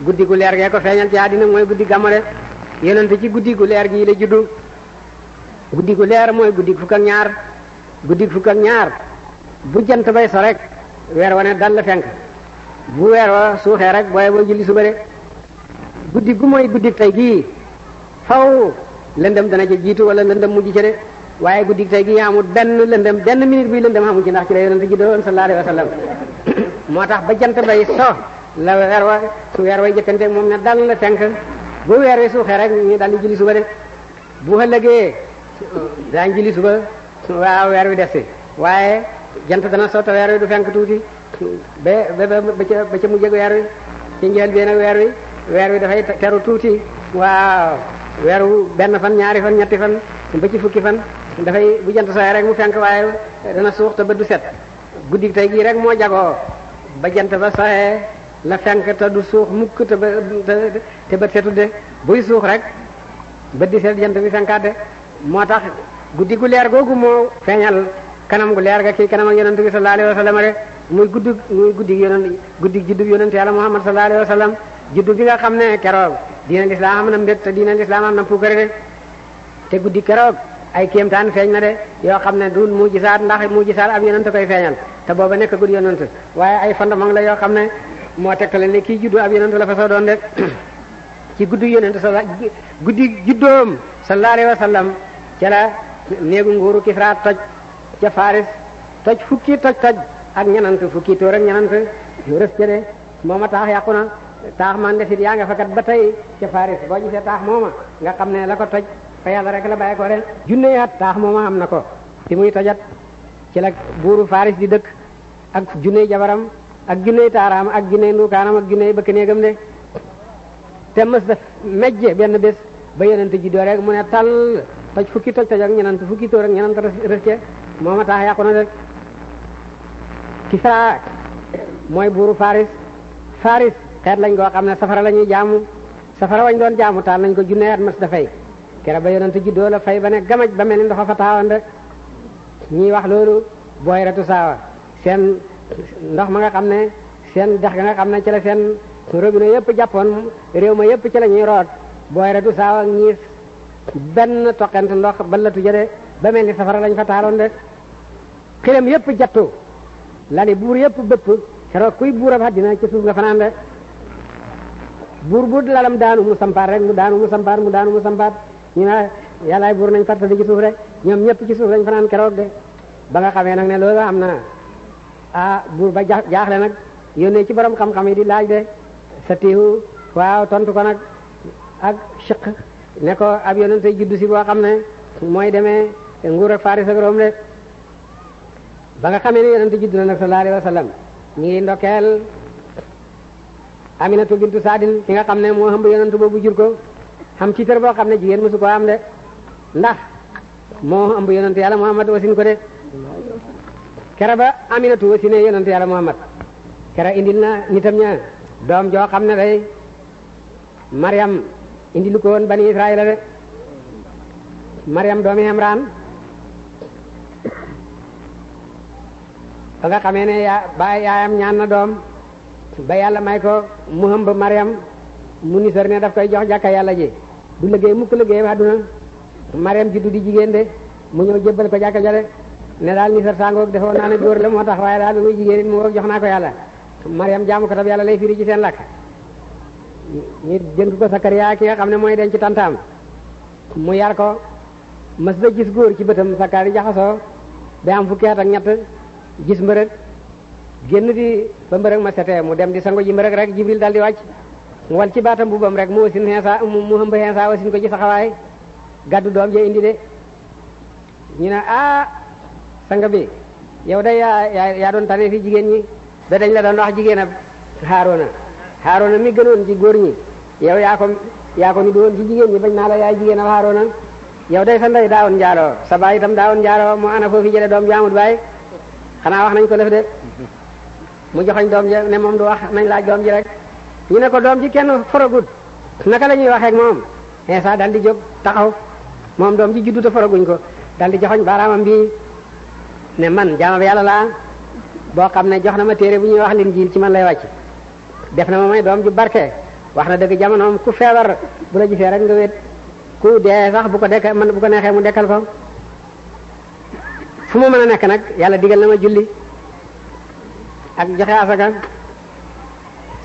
guddi gu leer gee ko feeñal ci àddina mooy guddi gamale yonent ci guddi gu leer gii la juddu guddi gu leer mooy guddi fukk ak ñaar guddi fukk ak ñaar bu jant bay so rek weer ne dal la fenk bu weer wa suuxee rek booye boo julli suba de guddi gu mooy guddi tey gii faw lëndëm dana ca jiitu wala lëndëm mujj ca de waaye guddi tey gii amul benn lëndëm benn minute buy lëndëm amu ci ndax ci la yonent ji doon sallallahu alayhi wa sallam moo tax ba jant bay la weer wa su weer way jëkkante moom ne dal la tenk bu weer wi suuxee rek ñu daal di julli suba de bu ëllëgee daañ julli suba waaw weer wi des si waaye jant dana soo ta weer wi tuuti ba ba ca mujjeg weer wi ci njël bi nag weer wi weer wi dafay teru tuuti waaw wu benn fan ñaari fan ñetti fan ba ci fukki fan dafay bu jant sooy rek mu fenk waaye dana suux te ba du set guddi tey gii rek moo jagoo ba jant ba soxee la fenk te du suux mukk te ba te ba setu de buy suux rek ba di seet jant bi fenkaat de moo tax guddi gu leer googu moo feeñal kanam gu leer ga kii kanam ak yonent bi sallallahu alayhi wa sallam rek muy guddi muy guddi yonent guddi juddub yonent yàlla Muhammad sallallahu alayhi wa sallam juddu gi nga xam ne keroog diina lislaam am na mbét te diina lislaam am na puukare de te guddi keroog ay kéemtaan feeñ na de yoo xam ne dul mujisaat ndax mujisaat ab yonent koy feeñal te booba nekk guddi yonent waaye ay fondement la yoo xam ne moo tegtale ne kii juddu ab yonent la fa soo doon de ci guddi yonent sa guddi juddoom sallallahu alayhi wa sallam ca la néegu nguuru Kisra toj ca Faris toj fukki toj toj ak ñanant fukki tóor ak ñanant rës ca de mooma taax yàqu na taax man defit yaa nga fakat ba tey ca Faris boo gisee taax mooma nga xam ne la ko toj fa yàlla rek la bàyyi ko de junne yaat taax mooma am na ko fi muy tojat ci la buuru Faris di dëkk ak junne jabaram ak ginney taaraam ak ginney ndukaanam ak ginney bëkk néegam de te mës daf mejje benn bés ba yonent ji doo rek mu ne tal toj fukki toj toj ak ñenant fukki tóor ak ñenant rës ca moo ma tax yàqu na de Kisra mooy buuru Faris Faris xeet lañ koo xam ne safara la jaamu safara wañ doon jaamu taal nañ ko junne at mas da fay kere ba yonent ji doo la fay ba ne gamaj ba mel ni ndoxa fa taawan de ñiy wax loolu booy retu saawa seen ndox ma nga xam ne seen dex ga nga xam ne ci la seen robinet yëpp jàppoon réew ma yëpp ci la ñuy root booy redu saaw ak ñiis benn toqent ndox balatu jëde ba mel safara lañ fa taaloon de xilam yëpp jattu lali buur yëpp bëpp keroog kuy buur ab àddina ci suuf nga fanaan de buur bu lalam daanu mu sampaar rek mu daanu mu sampaar mu daanu mu sampaar ñu ne yàllaay buur nañ fàttali ci suuf rek ñoom ñëpp ci suuf lañ fanaan keroog de ba nga xamee nag ne loolu am na a ah, buur ba jaaxle nag yónnee ci borom xam-xam yi di laaj de sa tiihu waaw tontu ko nag ak chiq ne ko ab yonente juddu si boo xam ne mooy deme nguur ak faris ak Room de ba nga xamee ne yonente juddu na nag sallallahu alayhi wa sallam ñu ngi ndokkeel Saadin ki nga xam ne moo ëmb yonente boobu jur ko xam ci tër boo xam ne jigéen mësu koo am de ndax moo ëmb yonente yàlla Muhammad wasin ko de kere ba aminatu wasine yonent yàlla muhammad kere indil na nitam ña doom joo xam ne day mariam indilu ko woon bani israila de mariam doomi imran ba nga xamee ne yaa ba yaayam ñaan na doom ba yàlla may ko mu hëmb mariam mu nisar ne daf koy jox jàkka yàlla ji du liggéey mukk liggéey àdduna mariam juddu di jigéen de mu ñëw jébbal ko jàkka ja ne daal nisar sangoog defoon naa ne góor la moo tax waaye daal bi muy jigéen it mu ngoog jox naa ko yàlla Mariam jaamu katab yàlla lay firi ci seen làkk ñu jënd ko Sakariya ki nga xam ne mooy denc tantaam mu yar ko mas da gis góor ci bëtam Sakari jaxasoo ba am fukki at ak ñett gis mbërëg génn di ba mbërëg ma setee mu dem di sango ji mbërëg rek Jibril daal di wàcc mu wal ci baatam bu bam rek mu wasin xeensa mu hëmb xeensa wasin ko ci saxawaay gàddu sang bi yow day ya yaa doon tane fi jigéen ñi ba dañ la doon wax jigéen a Haaruna Haaruna mi gënoon ci góor ñi yow yaa ko yaa ko ni doon ji jigéen ñi bañ naa la yaay jigéen a Haaruna yow day sa ndey daawoon njaaloo sa baay itam daawoon njaaloo mu ana foofu jële doom jaamut baay xanaa wax nañ ko lëf de mu joxoñ doom ji ne moom du wax nañ laaj doom ji rek ñu ne ko doom ji kenn forogut naka la ñuy waxee ak moom Iisaa dal di jóg taxaw moom doom ji juddu te foroguñ ko dal di joxoñ baaraamam bii ne man jaamab yàlla laa boo xam ne jox na ma téere bu ñuy wax linjiil ci man lay wàcc def na ma may doom ju barke wax na dëgg jamonoom ku feebar bu la jifee rek nga wét ku dee sax bu ko dekk man bu ko neexee mu dekkal ko fu ma mën a nekk nag yàlla digal na ma julli ak joxe asaka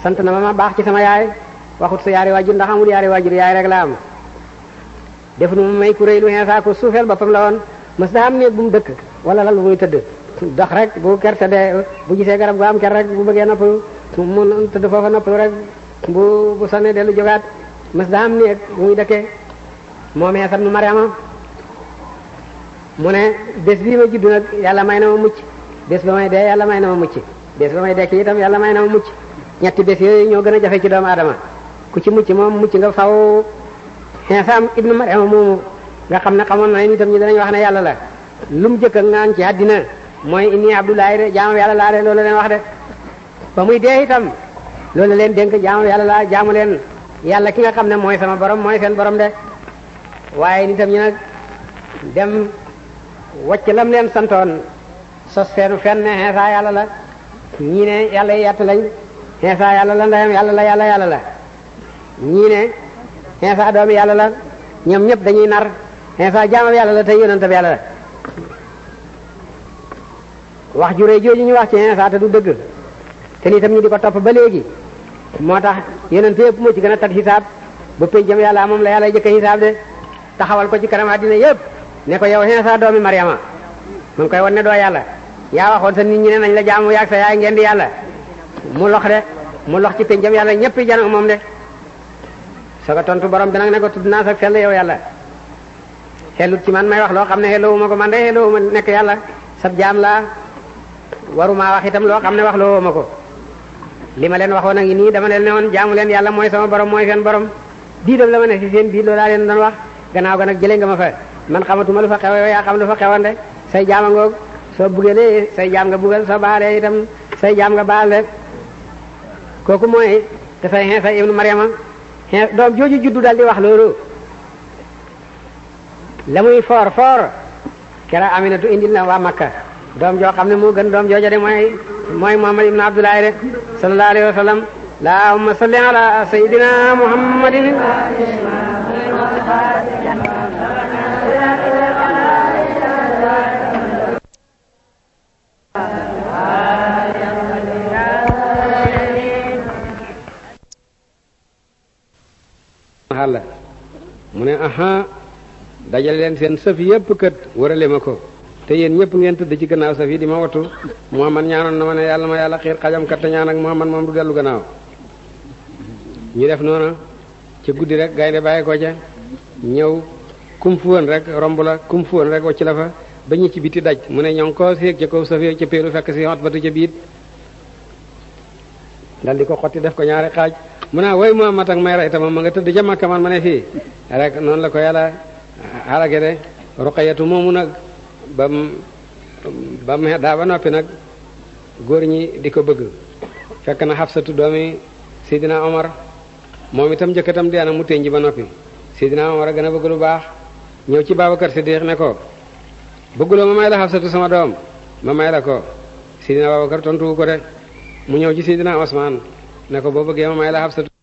sant na ma ma baax ci sama yaay waxut sa yaari waajur ndax amul yaari waajur yaay rek la am defu nu ma may ku lu xeesaa ko suufeel boppam la woon mës naa am néeg bu mu dëkk wala lal bu tëdd dox rek bu kerte dee bu gisee garab gu am ker rek bu bëggee noppalu mu tëdd foofa noppalu rek bu bu sonnee dellu jógaat mës naa am néeg bu muy dëkkee moom Iisaa ibnu Maryama mu ne bés bii ma juddu nag yàlla may na ma mucc bés ba may de yàlla may na ma mucc bés ba may dekk itam yàlla may na ma mucc ñetti bés yooyu ñoo gën a jafe ci doomu aadama ku ci mucc moom mucc nga faw Iisaa ibnu Maryama moomu nga xam ne xamoon na nitam ñi danañ wax ne yàlla la lu mu jëkk ak naan ci àddina mooy inni abdullahi de jaamu laa de loolu leen wax de ba muy dee itam loolu leen dénk jaamu yàlla laa jaamu leen yàlla ki nga xam ne mooy sama borom mooy seen borom de waaye nitam ñi nag dem wacc lam leen santoon sos seenu fen ne xeesaa yàlla la ñii ne yàlla yi yàtt lañ xeesaa yàlla la ndeyam yàlla la yàlla yàlla la ñii ne xeesaa yàlla la ñoom ñëpp dañuy nar Insa jaamam yàlla la tey yonentam yàlla la wax jure jooju ñu wax ci Insa te du dëgg te lii tam ñu di ko topp ba léegi moo tax yonent yëpp moo ci gën a tat xisaab ba pénjam yàlla moom la yàlla jëkk xisaab de taxawal ko ci kanam àddina yëpp ne ko yow Insa doomi Mariama mu koy wan ne doo yàlla yaa waxoon sa nit ñi ne nañ la jaamu yaag sa yaay ngeen di yàlla mu lox de mu lox ci pénjam yàlla ñëpp janak moom de soo ko tontu borom bi nag ne ko tudd naa sa yow yàlla xellut ci man may wax loo xam ne xellowu ma ko man de xellowu ma nekk yàlla sab jaam laa waruma wax itam loo xam ne wax loo ma ko li ma leen waxoon a ngi nii dama leen ne woon jaamu leen yàlla mooy sama borom mooy seen borom dii dam la ma ne si seen biir loolu laa leen doon wax gannaaw ga nag jëlee nga ma fa man xamatuma lu fa xew yaa xam lu fa xewoon de say jaama ngoog soo say jaam nga bugal soo baalee itam say jaam nga baal de kooku mooy dafay xeesa wax loolu la muy foor foor kera aminatu waa makka doom joo xam ne moo gën doom jooja de mooy mooy muhammad ibn abdullahi de sallallahu alayhi wa sallam allahumma salli ala sayidina muhammadin mu ne aha dajale leen seen sëf yëpp kët warale ma ko te yéen ñëpp ngeen tëdd ci gannaaw sëf yi di ma wattu Muhammad ñaanoon na ma yàlla ma yàlla xiir xajam kat te ñaan ak Muhammad moom du dellu gannaaw ñu def noona ci guddi rek gaynde bàyyi ko ca ñëw kum fu woon rek romb la kum fu woon rek wacc la fa ba ñu ci biti daj mu ne ñoo ko séeg ca kaw safee ca péelu fekk si xot batu ca biit dal di ko xotti def ko ñaari xaaj mu naa ah, way Muhammad ak may rey tamam ma nga tëdd ca man ma ne fii noonu la ko yàlla xarage de ruqayatu moomu nag ba mu ba ba noppi nag góor ñi di ko bëgg fekk na xafsatu doomi Seydina Omar moom itam njëkkatam di ana mu ténji ba noppi Seydina Omar a gën a bëgg lu baax ñëw ci Babacar Siddiq ne ko bëgguloo ma may la xafsatu sama doom ma may la ko Seydina Babacar tontu ko de mu ñëw ci Seydina Osman ne ko boo bëggee ma may la xafsatu